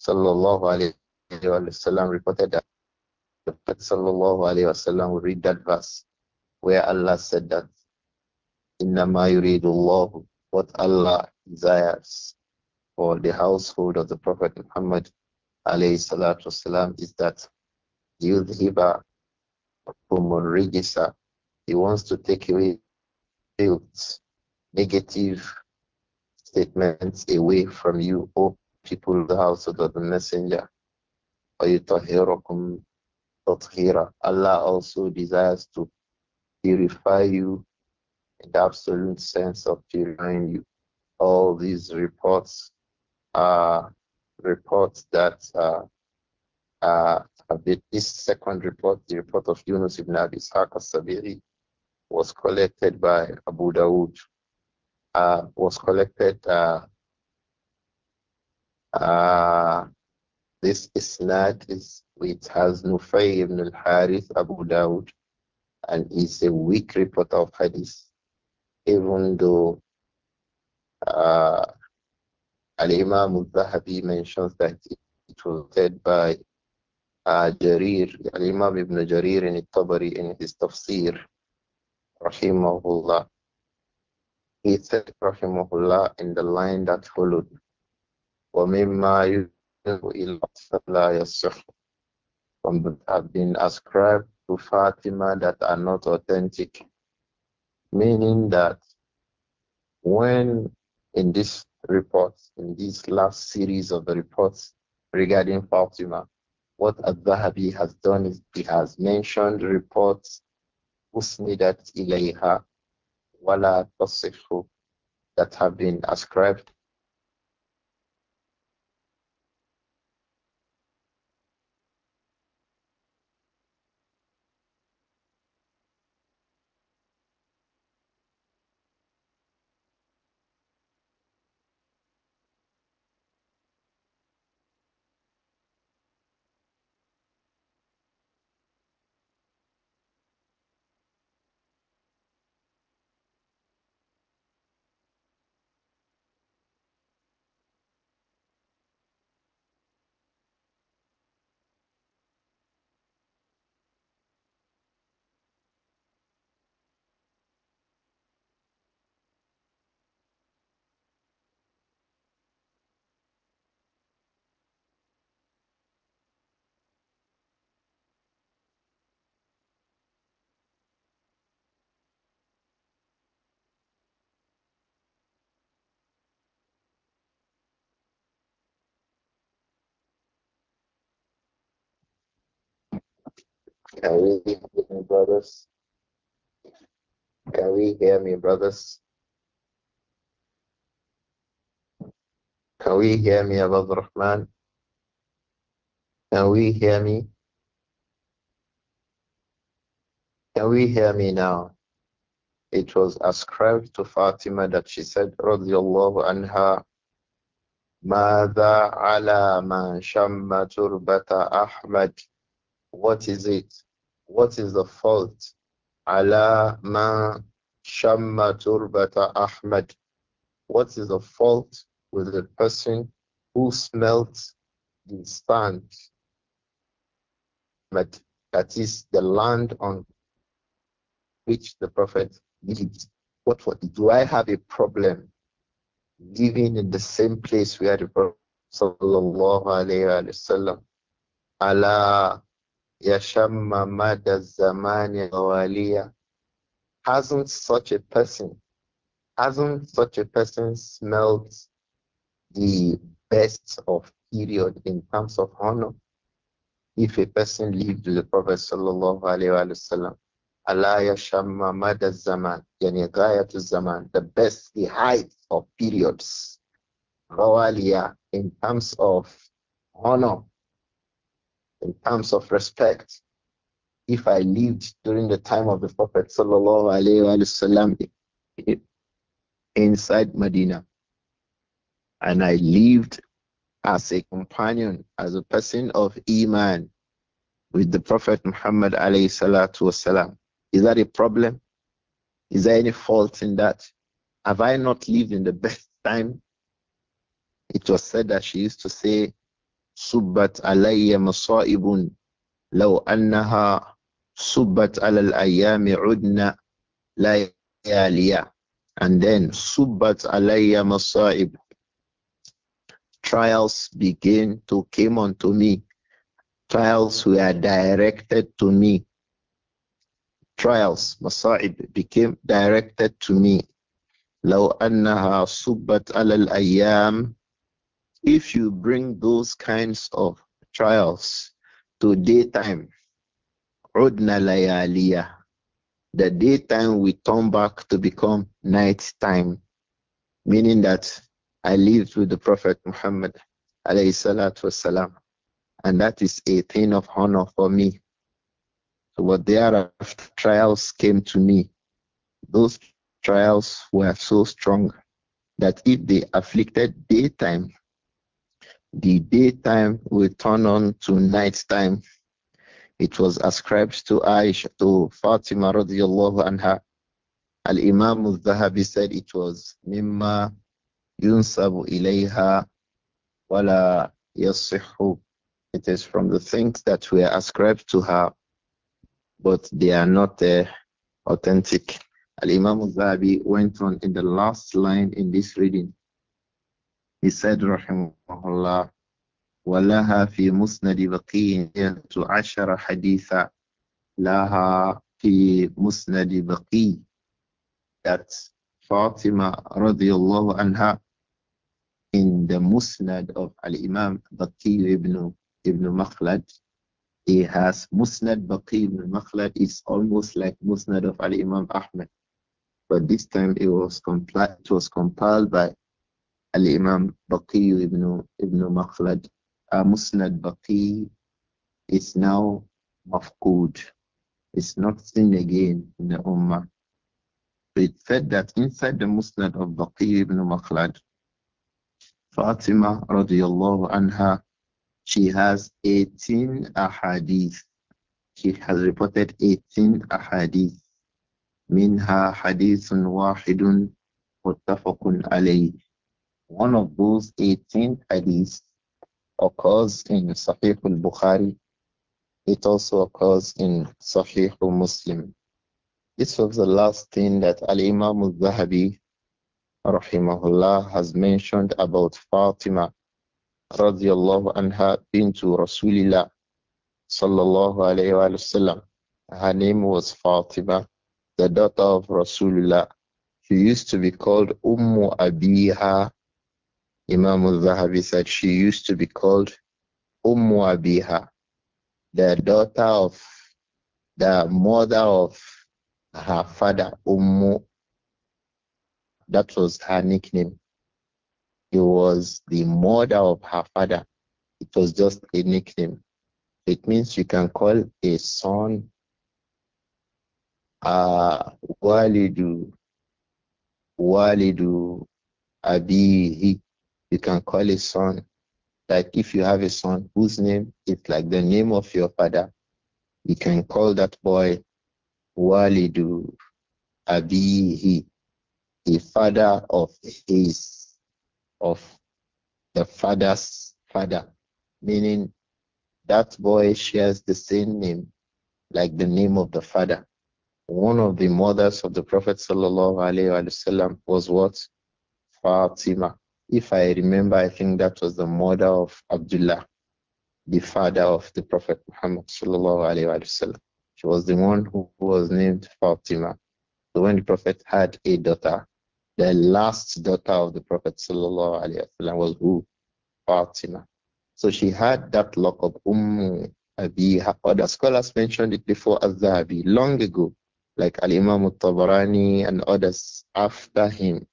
sallallahu alayhi wa sallam reported that the Prophet sallallahu alayhi wa sallam would read that verse where Allah said that Innama yuridullahu what Allah desires for the household of the Prophet Muhammad alayhi salatu wasalam is that yudhiba kumurrijisa he wants to take away guilt, negative statements away from you, people of the house of the messenger. Allah also desires to purify you in the absolute sense of purifying you. All these reports are reports that this second report, the report of Yunus ibn Abi Ishaq al-Sabiri, was collected by Abu Dawood, uh, was collected uh, uh, this is is it has Nufay ibn al-Harith Abu Dawud and is a weak report of hadith even though uh, Al-Imam al-Zahabi mentions that it was said by uh, Jarir, Al-Imam ibn Jarir in Tabari in his tafsir rahimahullah he said rahimahullah in the line that followed وَمِمَّا يُدْهُ إِلَّا لَا يَصِحُ From that have been ascribed to Fatima that are not authentic. Meaning that when in this report, in this last series of the reports regarding Fatima, what Al-Dhahabi has done is he has mentioned reports أسندت إليها ولا تصح that have been ascribed Can we hear me, brothers? Can we hear me, brothers? Can we hear me, Abdul Rahman? Can we hear me? Can we hear me now? It was ascribed to Fatima that she said, radiyallahu anha, ماذا ala man شم تربة Ahmad. What is it what is the fault? Ala ma shamma turbata Ahmad. What is the fault with the person who smelt the sand? That is the land on which the Prophet lived. What for? Do I have a problem living in the same place where the Prophet sallallahu alayhi wasallam, Allah Yashamma Mada Zamani Awaliya. Hasn't such a person, hasn't such a person smelled the best of period in terms of honor? If a person lived with the Prophet Sallallahu Alaihi Wasallam, Allah Yashamma Mada Zaman, Yani Gayatu Zaman, the best, the height of periods. Rawaliya, in terms of honor, in terms of respect. If I lived during the time of the Prophet وسلم, inside Medina, and I lived as a companion, as a person of Iman with the Prophet Muhammad wasalam, is that a problem? Is there any fault in that? Have I not lived in the best time? It was said that she used to say, سبت علي مصائب لو أنها سبت على الأيام عدنا لياليا and then سبت alayya مصائب trials began to came unto me trials were directed to me trials مصائب became directed to me لو أنها subbat على الأيام if you bring those kinds of trials to daytime, the daytime will turn back to become night time, meaning that I lived with the Prophet Muhammad والسلام, and that is a thing of honor for me. So what thereafter trials came to me, those trials were so strong that if they afflicted daytime, the daytime will turn on to nighttime. It was ascribed to Aisha, to Fatima radiallahu anha. Al Imam al Zahabi said it was Mimma yunsabu ilayha wala yasihu. It is from the things that were ascribed to her, but they are not uh, authentic. Al Imam al Zahabi went on in the last line in this reading. He said, Rahimahullah, ولها في مسند بقية عشر حديثا لها في مسند بقي that Fatima الله عنها in the musnad of Al-Imam Baqi ibn, ibn Makhlad he has musnad Baqi ibn Makhlad is almost like musnad of Al-Imam Ahmed but this time it was, compiled it was compiled by الإمام Baqi ibn, ibn Makhlad. Uh, Musnad Baqi is now mafkud. It's not seen again in the Ummah. It said that inside the Musnad of Baqi ibn Makhlad, Fatima radiallahu anha, she has 18 ahadith. She has reported 18 ahadith. منها حديث واحد متفق عليه One of those 18 hadiths occurs in Sahih al-Bukhari. It also occurs in Sahih al-Muslim. This was the last thing that Al-Imam al-Zahabi rahimahullah has mentioned about Fatima radiyallahu anha bintu Rasulillah sallallahu alayhi wa sallam. Her name was Fatima, the daughter of Rasulullah. She used to be called Ummu Abiha Imam al-Zahabi said she used to be called Ummu Abiha, the daughter of the mother of her father Ummu. That was her nickname. It was the mother of her father. It was just a nickname. It means you can call a son uh, Walidu Walidu Abihi you can call a son. Like if you have a son whose name is like the name of your father, you can call that boy Walidu Abihi, the father of his, of the father's father, meaning that boy shares the same name, like the name of the father. One of the mothers of the Prophet wasallam was what? Fatima if I remember, I think that was the mother of Abdullah, the father of the Prophet Muhammad sallallahu alaihi wasallam. She was the one who was named Fatima. So when the Prophet had a daughter, the last daughter of the Prophet sallallahu alaihi wasallam was who? Fatima. So she had that lock of Umm Abi. Other scholars mentioned it before as Zahabi long ago, like Al Imam al Tabarani and others after him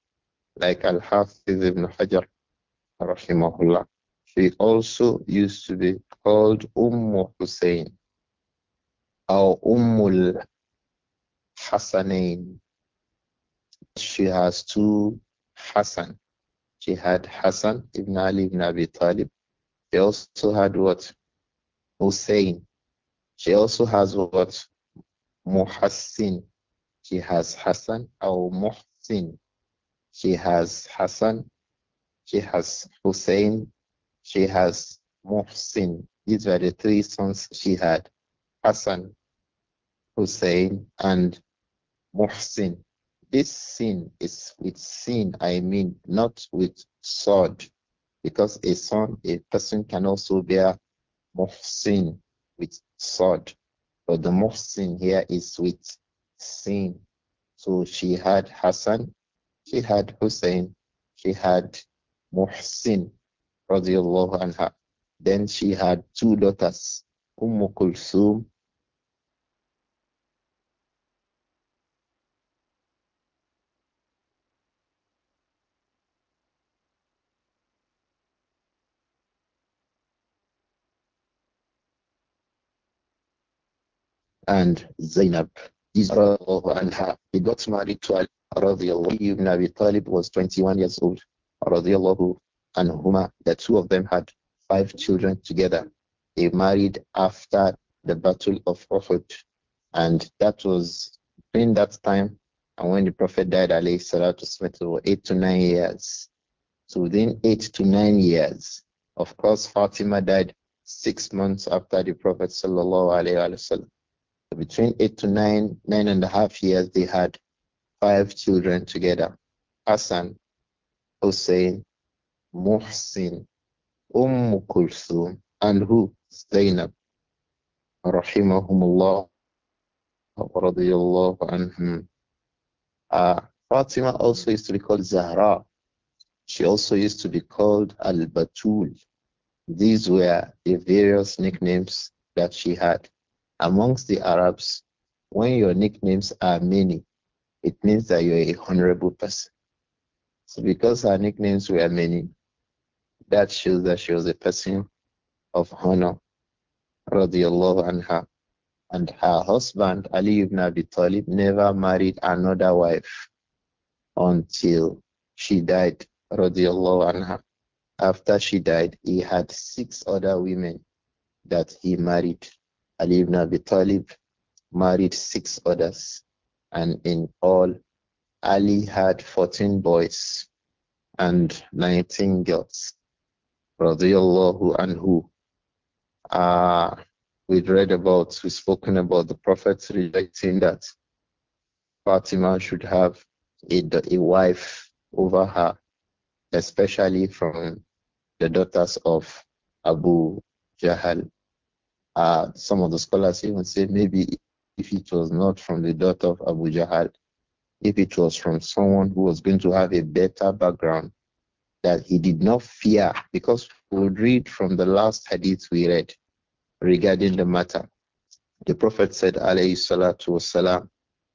like Al-Hafiz ibn Hajar, rahimahullah. She also used to be called Umm Hussein or Ummul Hassanain. She has two Hassan. She had Hassan ibn Ali ibn Abi Talib. She also had what? Hussein. She also has what? Muhassin. She has Hassan or Muhsin. She has Hassan. She has Hussein. She has Muhsin. These were the three sons she had Hassan, Hussein, and Muhsin. This sin is with sin, I mean, not with sword, because a son, a person can also bear Muhsin with sword, but the Muhsin here is with sin. So she had Hassan, she had Hussein, she had Muhsin, radiallahu anha. Then she had two daughters, Umm Kulsum and Zainab. and He got married to Ali radiallahu ibn Abi Talib was 21 years old, and Huma, The two of them had five children together. They married after the Battle of Uhud, and that was during that time. And when the Prophet died, alayhi was wasalam, eight to nine years. So within eight to nine years, of course, Fatima died six months after the Prophet sallallahu alayhi wasallam. between eight to nine, nine and a half years, they had five children together Hassan, Hussein, Muhsin, Umm Kulthum, and who? Zainab. Rahimahumullah. Radiyallahu anhum. Uh, Fatima also used to be called Zahra. She also used to be called Al Batul. These were the various nicknames that she had. Amongst the Arabs, when your nicknames are many, it means that you're a honorable person. So because her nicknames were many, that shows that she was a person of honor, radiallahu anha. And her husband, Ali ibn Abi Talib, never married another wife until she died, radiallahu anha. After she died, he had six other women that he married. Ali ibn Abi Talib married six others and in all, Ali had 14 boys and 19 girls. Radiallahu anhu. Uh, ah, we read about, we've spoken about the Prophet relating that Fatima should have a, a wife over her, especially from the daughters of Abu Jahal. Uh, some of the scholars even say maybe if it was not from the daughter of Abu Jahal, if it was from someone who was going to have a better background, that he did not fear, because we would read from the last hadith we read regarding the matter. The Prophet said, alayhi salatu wasalam,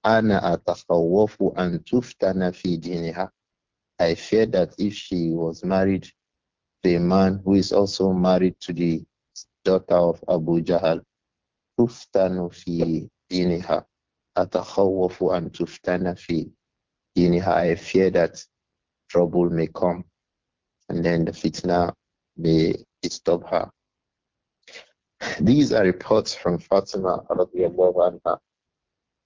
Ana atakhawafu an tuftana fi diniha. I fear that if she was married to a man who is also married to the daughter of Abu Jahal, tuftanu fi diniha. Atakhawwafu an tuftana fi diniha. I fear that trouble may come and then the fitna may disturb her. These are reports from Fatima radiallahu anha.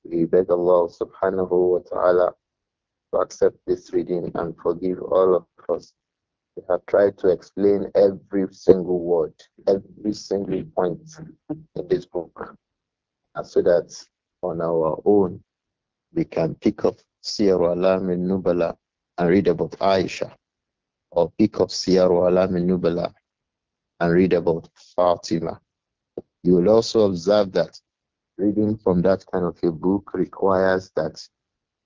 We beg Allah subhanahu wa ta'ala to accept this reading and forgive all of us. We have tried to explain every single word, every single point in this book. Uh, so that on our own we can pick up Sierra Alam in Nubala and read about Aisha, or pick up Sierra Alam in Nubala and read about Fatima. You will also observe that reading from that kind of a book requires that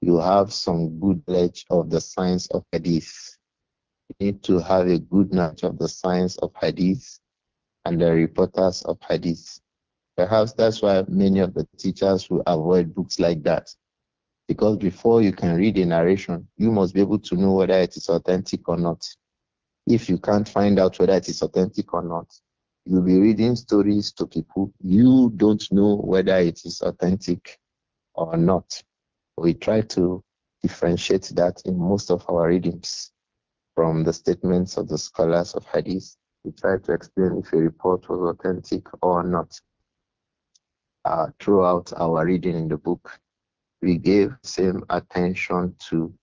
you have some good knowledge of the science of hadith. You need to have a good knowledge of the science of hadith and the reporters of hadith. Perhaps that's why many of the teachers will avoid books like that. Because before you can read a narration, you must be able to know whether it is authentic or not. If you can't find out whether it is authentic or not, you'll be reading stories to people. You don't know whether it is authentic or not. We try to differentiate that in most of our readings from the statements of the scholars of hadith. We try to explain if a report was authentic or not uh, throughout our reading in the book, we gave same attention to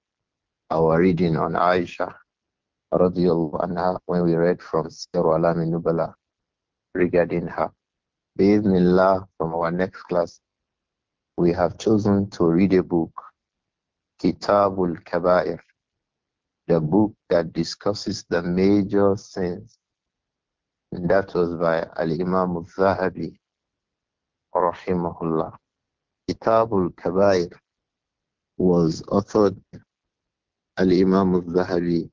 our reading on Aisha anha, when we read from Sirah al-Nubala regarding her. Bismillah, from our next class, we have chosen to read a book, Kitabul Kaba'ir, the book that discusses the major sins. And that was by Al Imam al Zahabi rahimahullah. Kitabul Kabair was authored Al Imam al Zahabi,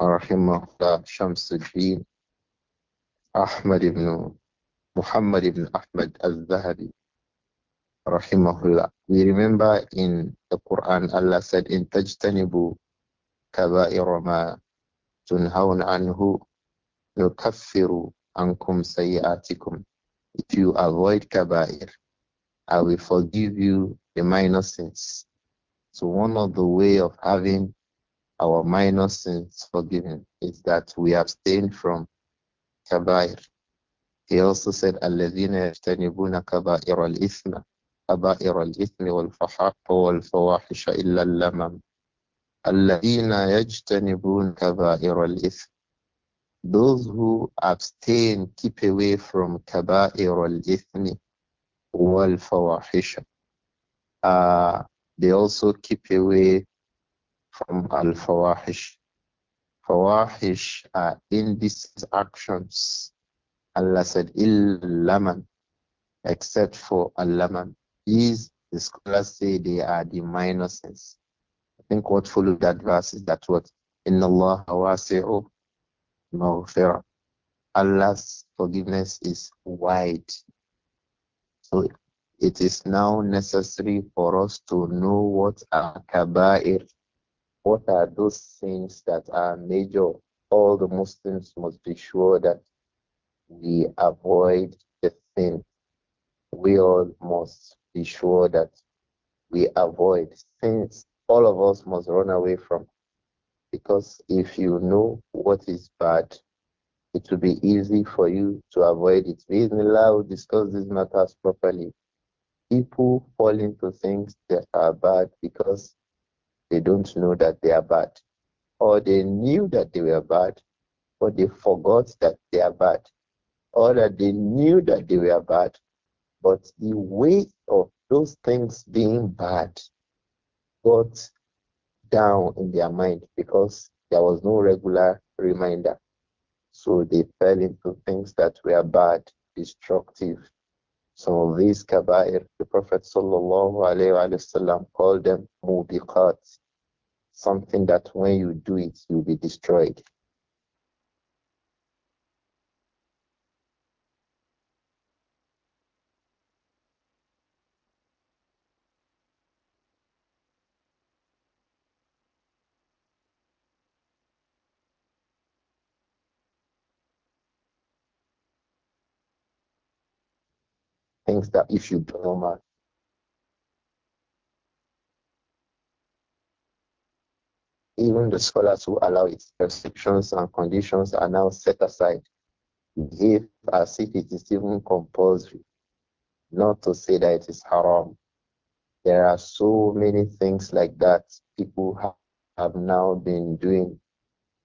rahimahullah, Shamsuddin Ahmad ibn Muhammad ibn Ahmad al Zahabi, rahimahullah. We remember in the Quran, Allah said, In Tajtanibu كبائر ما تنهون عنه نكفر عنكم سيئاتكم if you avoid kaba'ir, I will forgive you the minor sins. So one of the way of having our minor sins forgiven is that we abstain from kaba'ir. He also said, "Alladhina yajtanibuna kaba'ir al-ithma, kaba'ir al-ithmi wal-fahaqa wal fawahish illa al-lamam." الذين kabair al الإثم those who abstain, keep away from kaba'ir al-ithmi wal-fawahisha. Uh, they also keep away from al-fawahish. Fawahish are indecent actions. Allah said, illaman, except for al-laman. These, the scholars say, they are the minor sins. I think what followed that verse is that what? Inna Allah wasi'u maghfirah. Allah's forgiveness is wide. So it is now necessary for us to know what are kaba'ir, what are those things that are major. All the Muslims must be sure that we avoid the sin. We all must be sure that we avoid sins. All of us must run away from because if you know what is bad, it will be easy for you to avoid it. We will discuss these matters properly. People fall into things that are bad because they don't know that they are bad, or they knew that they were bad, but they forgot that they are bad, or that they knew that they were bad, but the weight of those things being bad got down in their mind because there was no regular reminder. So they fell into things that were bad, destructive. Some of these kaba'ir, the Prophet وسلم, called them mubiqat, something that when you do it, you'll be destroyed. that if you do normal. Even the scholars who allow its restrictions and conditions are now set aside, behave as if it is even compulsory, not to say that it is haram. There are so many things like that people have, have now been doing,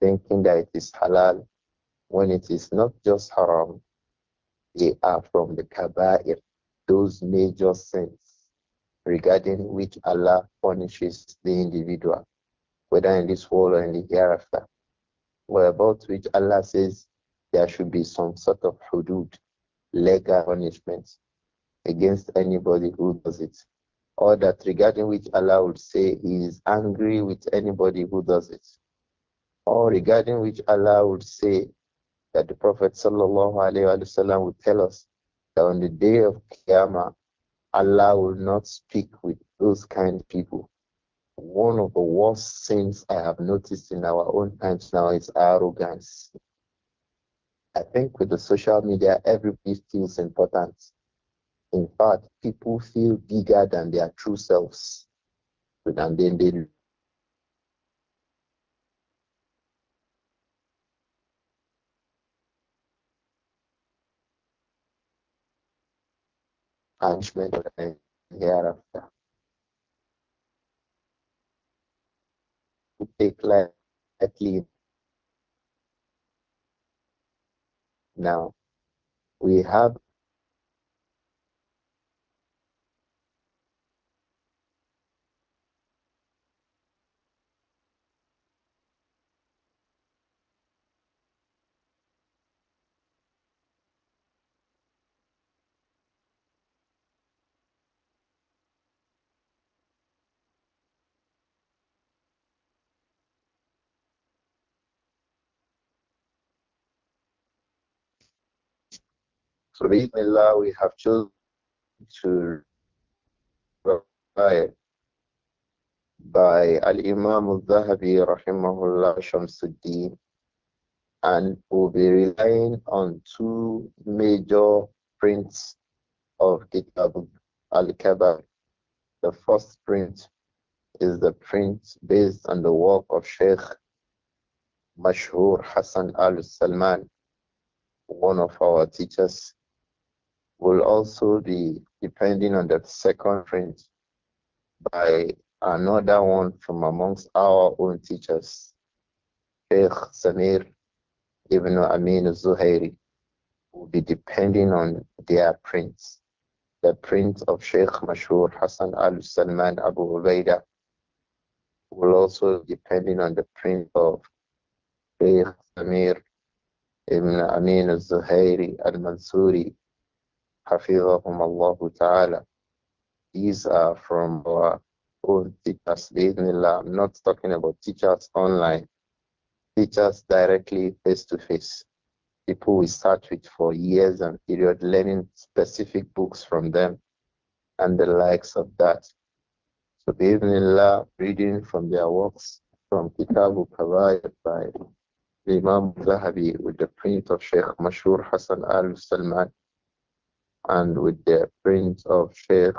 thinking that it is halal, when it is not just haram, they are from the kaba'ir those major sins regarding which Allah punishes the individual, whether in this world or in the hereafter, or about which Allah says there should be some sort of hudud, legal punishment against anybody who does it, or that regarding which Allah would say he is angry with anybody who does it, or regarding which Allah would say that the Prophet sallallahu alayhi wasallam would tell us that on the day of Qiyamah, Allah will not speak with those kind people. One of the worst sins I have noticed in our own times now is arrogance. I think with the social media, everybody feels important. In fact, people feel bigger than their true selves. And then they punishment of the hereafter. Take lightly now. We have So we have chosen to by, by Al-Imam al-Zahabi rahimahullah Shamsuddin and will be relying on two major prints of Kitab al-Kabar. The first print is the print based on the work of Sheikh Mashur Hassan al-Salman, one of our teachers will also be depending on that second print by another one from amongst our own teachers, Sheikh Samir Ibn Amin Zuhairi, will be depending on their prints. The print of Sheikh Mashur Hassan Al Salman Abu Ubaidah will also be depending on the print of Sheikh Samir Ibn Amin Zuhairi Al Mansuri Hafizahum Allah Ta'ala. These are from our own teachers, Bismillah. I'm not talking about teachers online, teachers directly face to face. People we start with for years and period, learning specific books from them and the likes of that. So, Bismillah, reading from their works from Kitabu provided by Imam Zahabi with the print of Sheikh Mashur Hassan Al Salman and with the Prince of Sheikh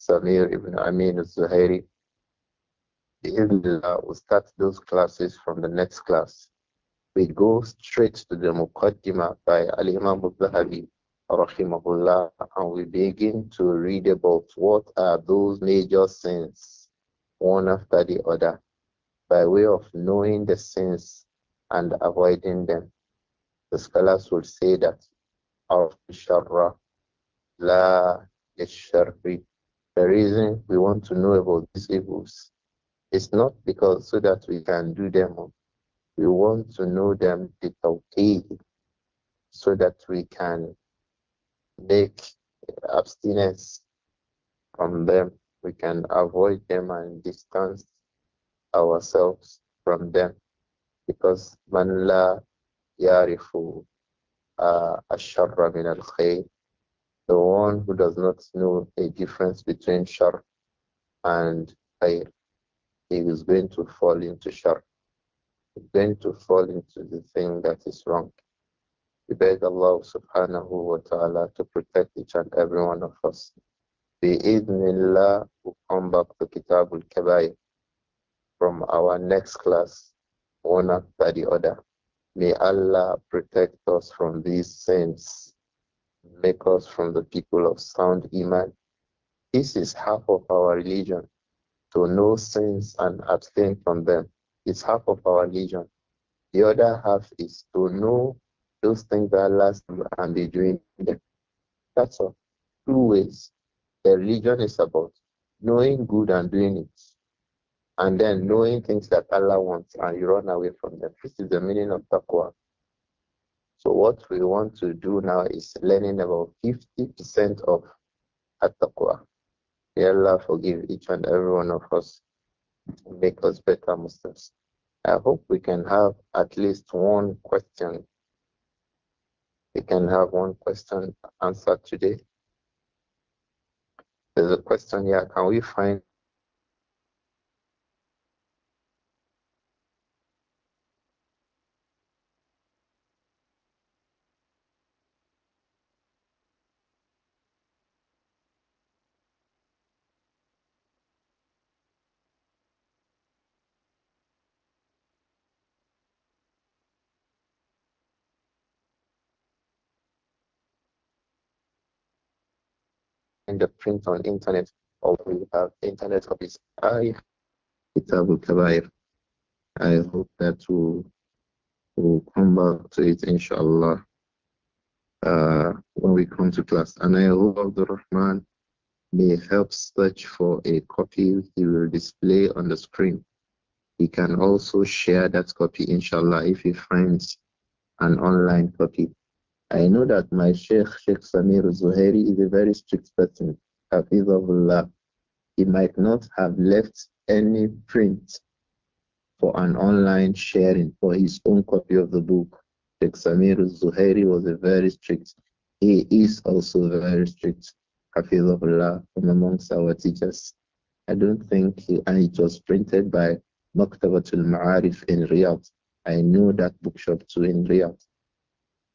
Samir ibn Amin al-Zuhairi. Bismillah, we start those classes from the next class. We go straight to the Muqaddimah by Al-Imam al-Zahabi, rahimahullah, and we begin to read about what are those major sins, one after the other, by way of knowing the sins and avoiding them. The scholars will say that of sharra la yasharri. The reason we want to know about these evils is not because so that we can do them. We want to know them the so that we can make abstinence from them. We can avoid them and distance ourselves from them. Because Manla yarifu uh, asharra min al the one who does not know a difference between sharp and khair, he is going to fall into sharp. He's going to fall into the thing that is wrong. We beg Allah subhanahu wa ta'ala to protect each and every one of us. The idhnillah we'll come back to Kitabul al from our next class, one after the other. May Allah protect us from these sins make us from the people of sound iman. This is half of our religion, to know sins and abstain from them. It's half of our religion. The other half is to know those things that last and be doing them. That's all. Two ways. The religion is about knowing good and doing it, and then knowing things that Allah wants and you run away from them. This is the meaning of taqwa. So what we want to do now is learning about 50% of at-taqwa. May Allah forgive each and every one of us and make us better Muslims. I hope we can have at least one question. We can have one question answered today. There's a question here. Can we find The print on internet, or we have internet of his eye, Kitabul Kabair. I hope that will will come back to it, inshallah, uh, when we come to class. And I hope Abdul Rahman may help search for a copy he will display on the screen. He can also share that copy, inshallah, if he finds an online copy. I know that my Sheikh, Sheikh Samir Zuhairi, is a very strict person. Hafizahullah. He might not have left any print for an online sharing for his own copy of the book. Sheikh Samir Zuhairi was a very strict. He is also very strict. Allah, from amongst our teachers. I don't think he, and it was printed by Maktabatul Ma'arif in Riyadh. I know that bookshop too in Riyadh.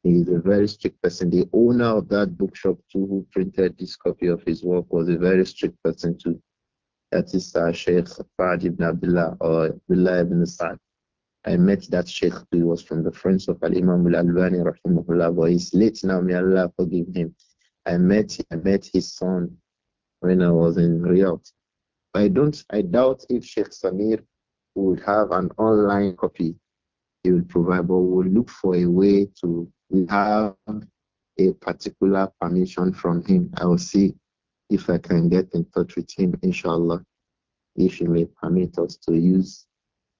He is a very strict person. The owner of that bookshop too, who printed this copy of his work, was a very strict person too. That is uh, Sheikh Fahd ibn Abdullah or Abdullah ibn Sa'd. I met that Sheikh He was from the friends of Al Imam Al Albani, rahimahullah, but he's late now. May Allah forgive him. I met I met his son when I was in Riyadh. I don't I doubt if Sheikh Samir would have an online copy he will provide, but we'll look for a way to we have a particular permission from him. I will see if I can get in touch with him, inshallah, if he may permit us to use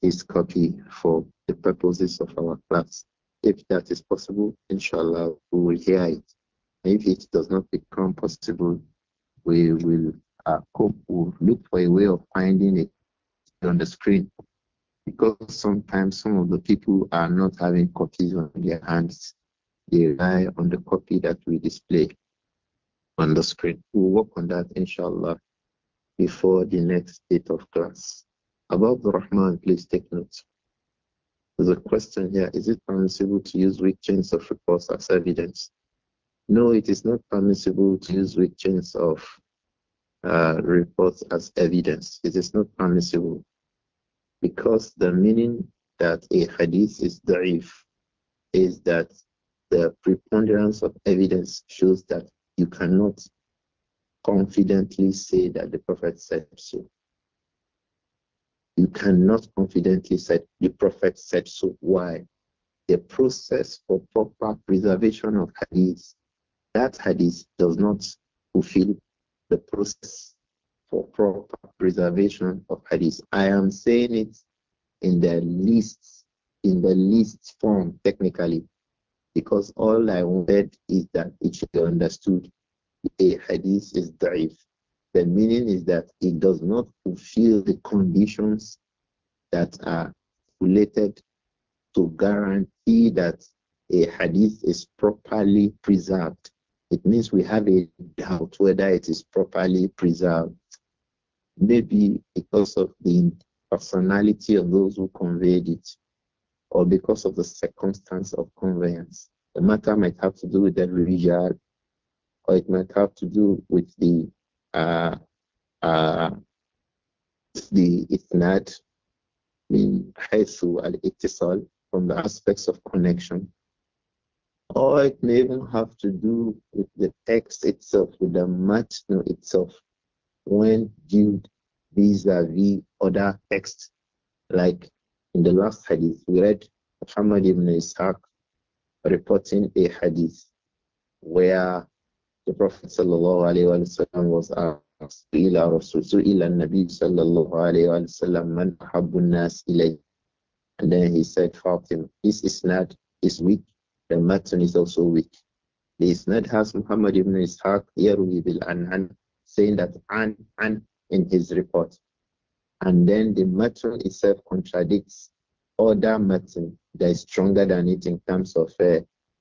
his copy for the purposes of our class. If that is possible, inshallah, we will hear it. If it does not become possible, we will uh, cope, we'll look for a way of finding it on the screen. Because sometimes some of the people are not having copies on their hands rely on the copy that we display on the screen. We'll work on that, inshallah, before the next date of class. About the Rahman, please take note. The question here is it permissible to use weak chains of reports as evidence? No, it is not permissible to use weak chains of uh, reports as evidence. It is not permissible because the meaning that a hadith is da'if is that the preponderance of evidence shows that you cannot confidently say that the Prophet said so. You cannot confidently say the Prophet said so. Why? The process for proper preservation of hadith, that hadith does not fulfill the process for proper preservation of hadith. I am saying it in the least, in the least form technically because all I wanted is that it should be understood a hadith is da'if. The meaning is that it does not fulfill the conditions that are related to guarantee that a hadith is properly preserved. It means we have a doubt whether it is properly preserved. Maybe because of the personality of those who conveyed it, or because of the circumstance of conveyance. The matter might have to do with the religion, or it might have to do with the uh, uh, the itnad in haythu al ittisal from the aspects of connection, or it may even have to do with the text itself, with the matno itself, when viewed vis a -vis other texts like in the last hadith, we read Muhammad ibn Ishaq reporting a hadith where the Prophet وسلم, was asked, Rasul, Nabi sallallahu alayhi wasallam man nas ilay. And then he said, Fatim, this is not, is weak. The matun is also weak. This not has Muhammad ibn Ishaq, we will anan saying that An, An in his report and then the matron itself contradicts other matron that is stronger than it in terms of uh,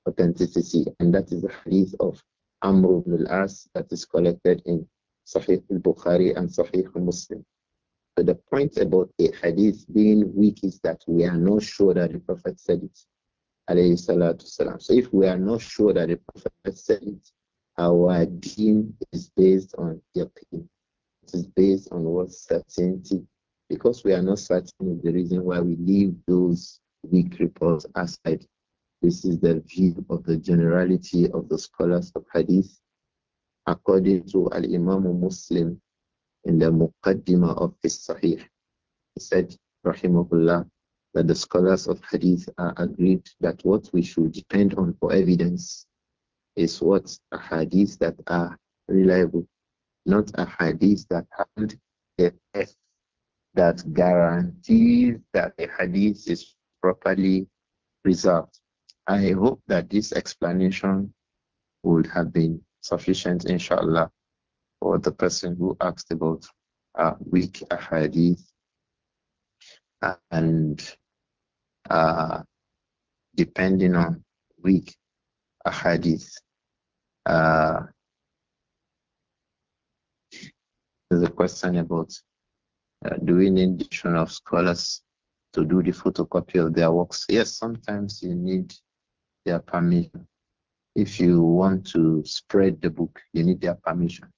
authenticity, and that is the hadith of Amr ibn al-As that is collected in Sahih al-Bukhari and Sahih al-Muslim. So the point about a hadith being weak is that we are not sure that the Prophet said it. So if we are not sure that the Prophet said it, our deen is based on the opinion is based on what certainty, because we are not certain of the reason why we leave those weak reports aside. This is the view of the generality of the scholars of Hadith, according to Al Imam Muslim in the Muqaddimah of his Sahih. He said, Rahimahullah, that the scholars of Hadith are agreed that what we should depend on for evidence is what Hadith that are reliable not a hadith that had a test that guarantees that the hadith is properly preserved. I hope that this explanation would have been sufficient, inshallah, for the person who asked about uh, weak hadith and uh, depending on weak hadith. Uh, There's a question about uh, do we need additional of scholars to do the photocopy of their works? Yes, sometimes you need their permission. If you want to spread the book, you need their permission.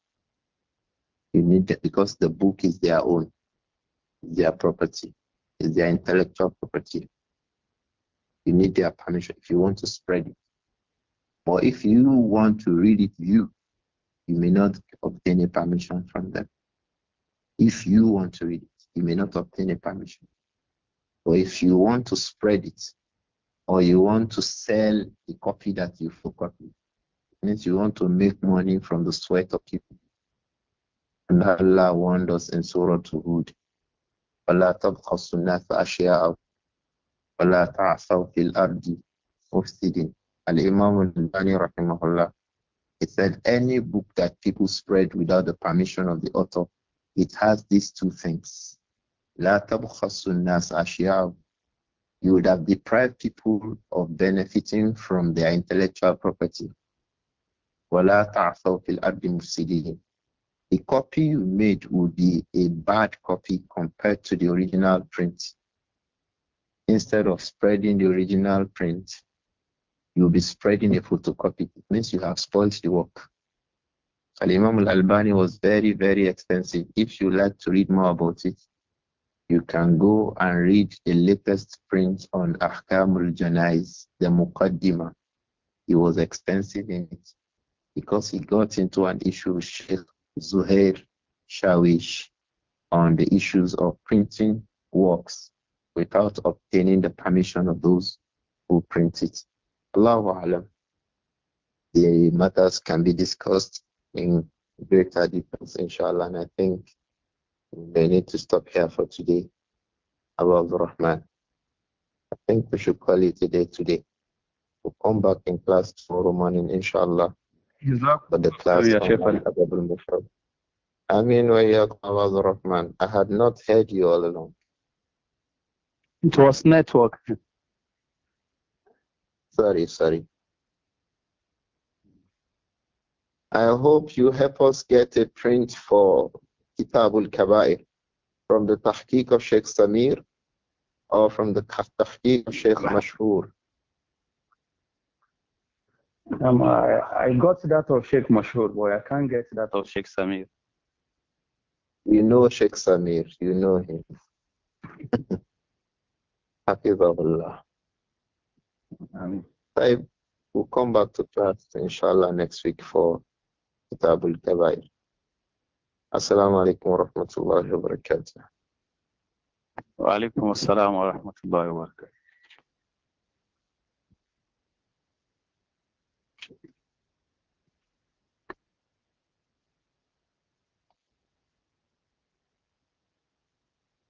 You need that because the book is their own, their property, is their intellectual property. You need their permission if you want to spread it. Or if you want to read it you, you may not obtain a permission from them. If you want to read it, you may not obtain a permission. Or if you want to spread it, or you want to sell a copy that you photocopied, means you want to make money from the sweat of people. And Allah warned us in Surah to Hud. ولا ta'ala الناس أشياء ولا تعثوا في الأرض مفسدين Al-Imam al-Bani he said any book that people spread without the permission of the author, it has these two things. La nas You would have deprived people of benefiting from their intellectual property. Wala A copy you made would be a bad copy compared to the original print. Instead of spreading the original print, you'll be spreading a photocopy. It means you have spoiled the work. Al Imam Al Albani was very, very expensive. If you like to read more about it, you can go and read the latest print on Ahkamul Janais, the Muqaddimah. He was expensive in it because he got into an issue with Sheikh Zuhair Shawish on the issues of printing works without obtaining the permission of those who print it. Allahu Alam. The matters can be discussed in greater depth, inshallah. And I think we need to stop here for today. Abu Rahman. I think we should call it a day today. We'll come back in class tomorrow morning, inshallah. but the class oh, yeah, on I mean, Rahman. I had not heard you all along. It was network. Sorry, sorry. I hope you help us get a print for Kitabul Kabair from the Tahqiq of Sheikh Samir or from the Tahqiq of Sheikh Mashhur. Um, I, I got that of Sheikh Mashhur, boy. I can't get that of Sheikh Samir. You know Sheikh Samir, you know him. (laughs) Hafizahullah. Um, I will come back to class, inshallah, next week for كتاب الكبائر السلام عليكم ورحمة الله وبركاته وعليكم السلام ورحمة الله وبركاته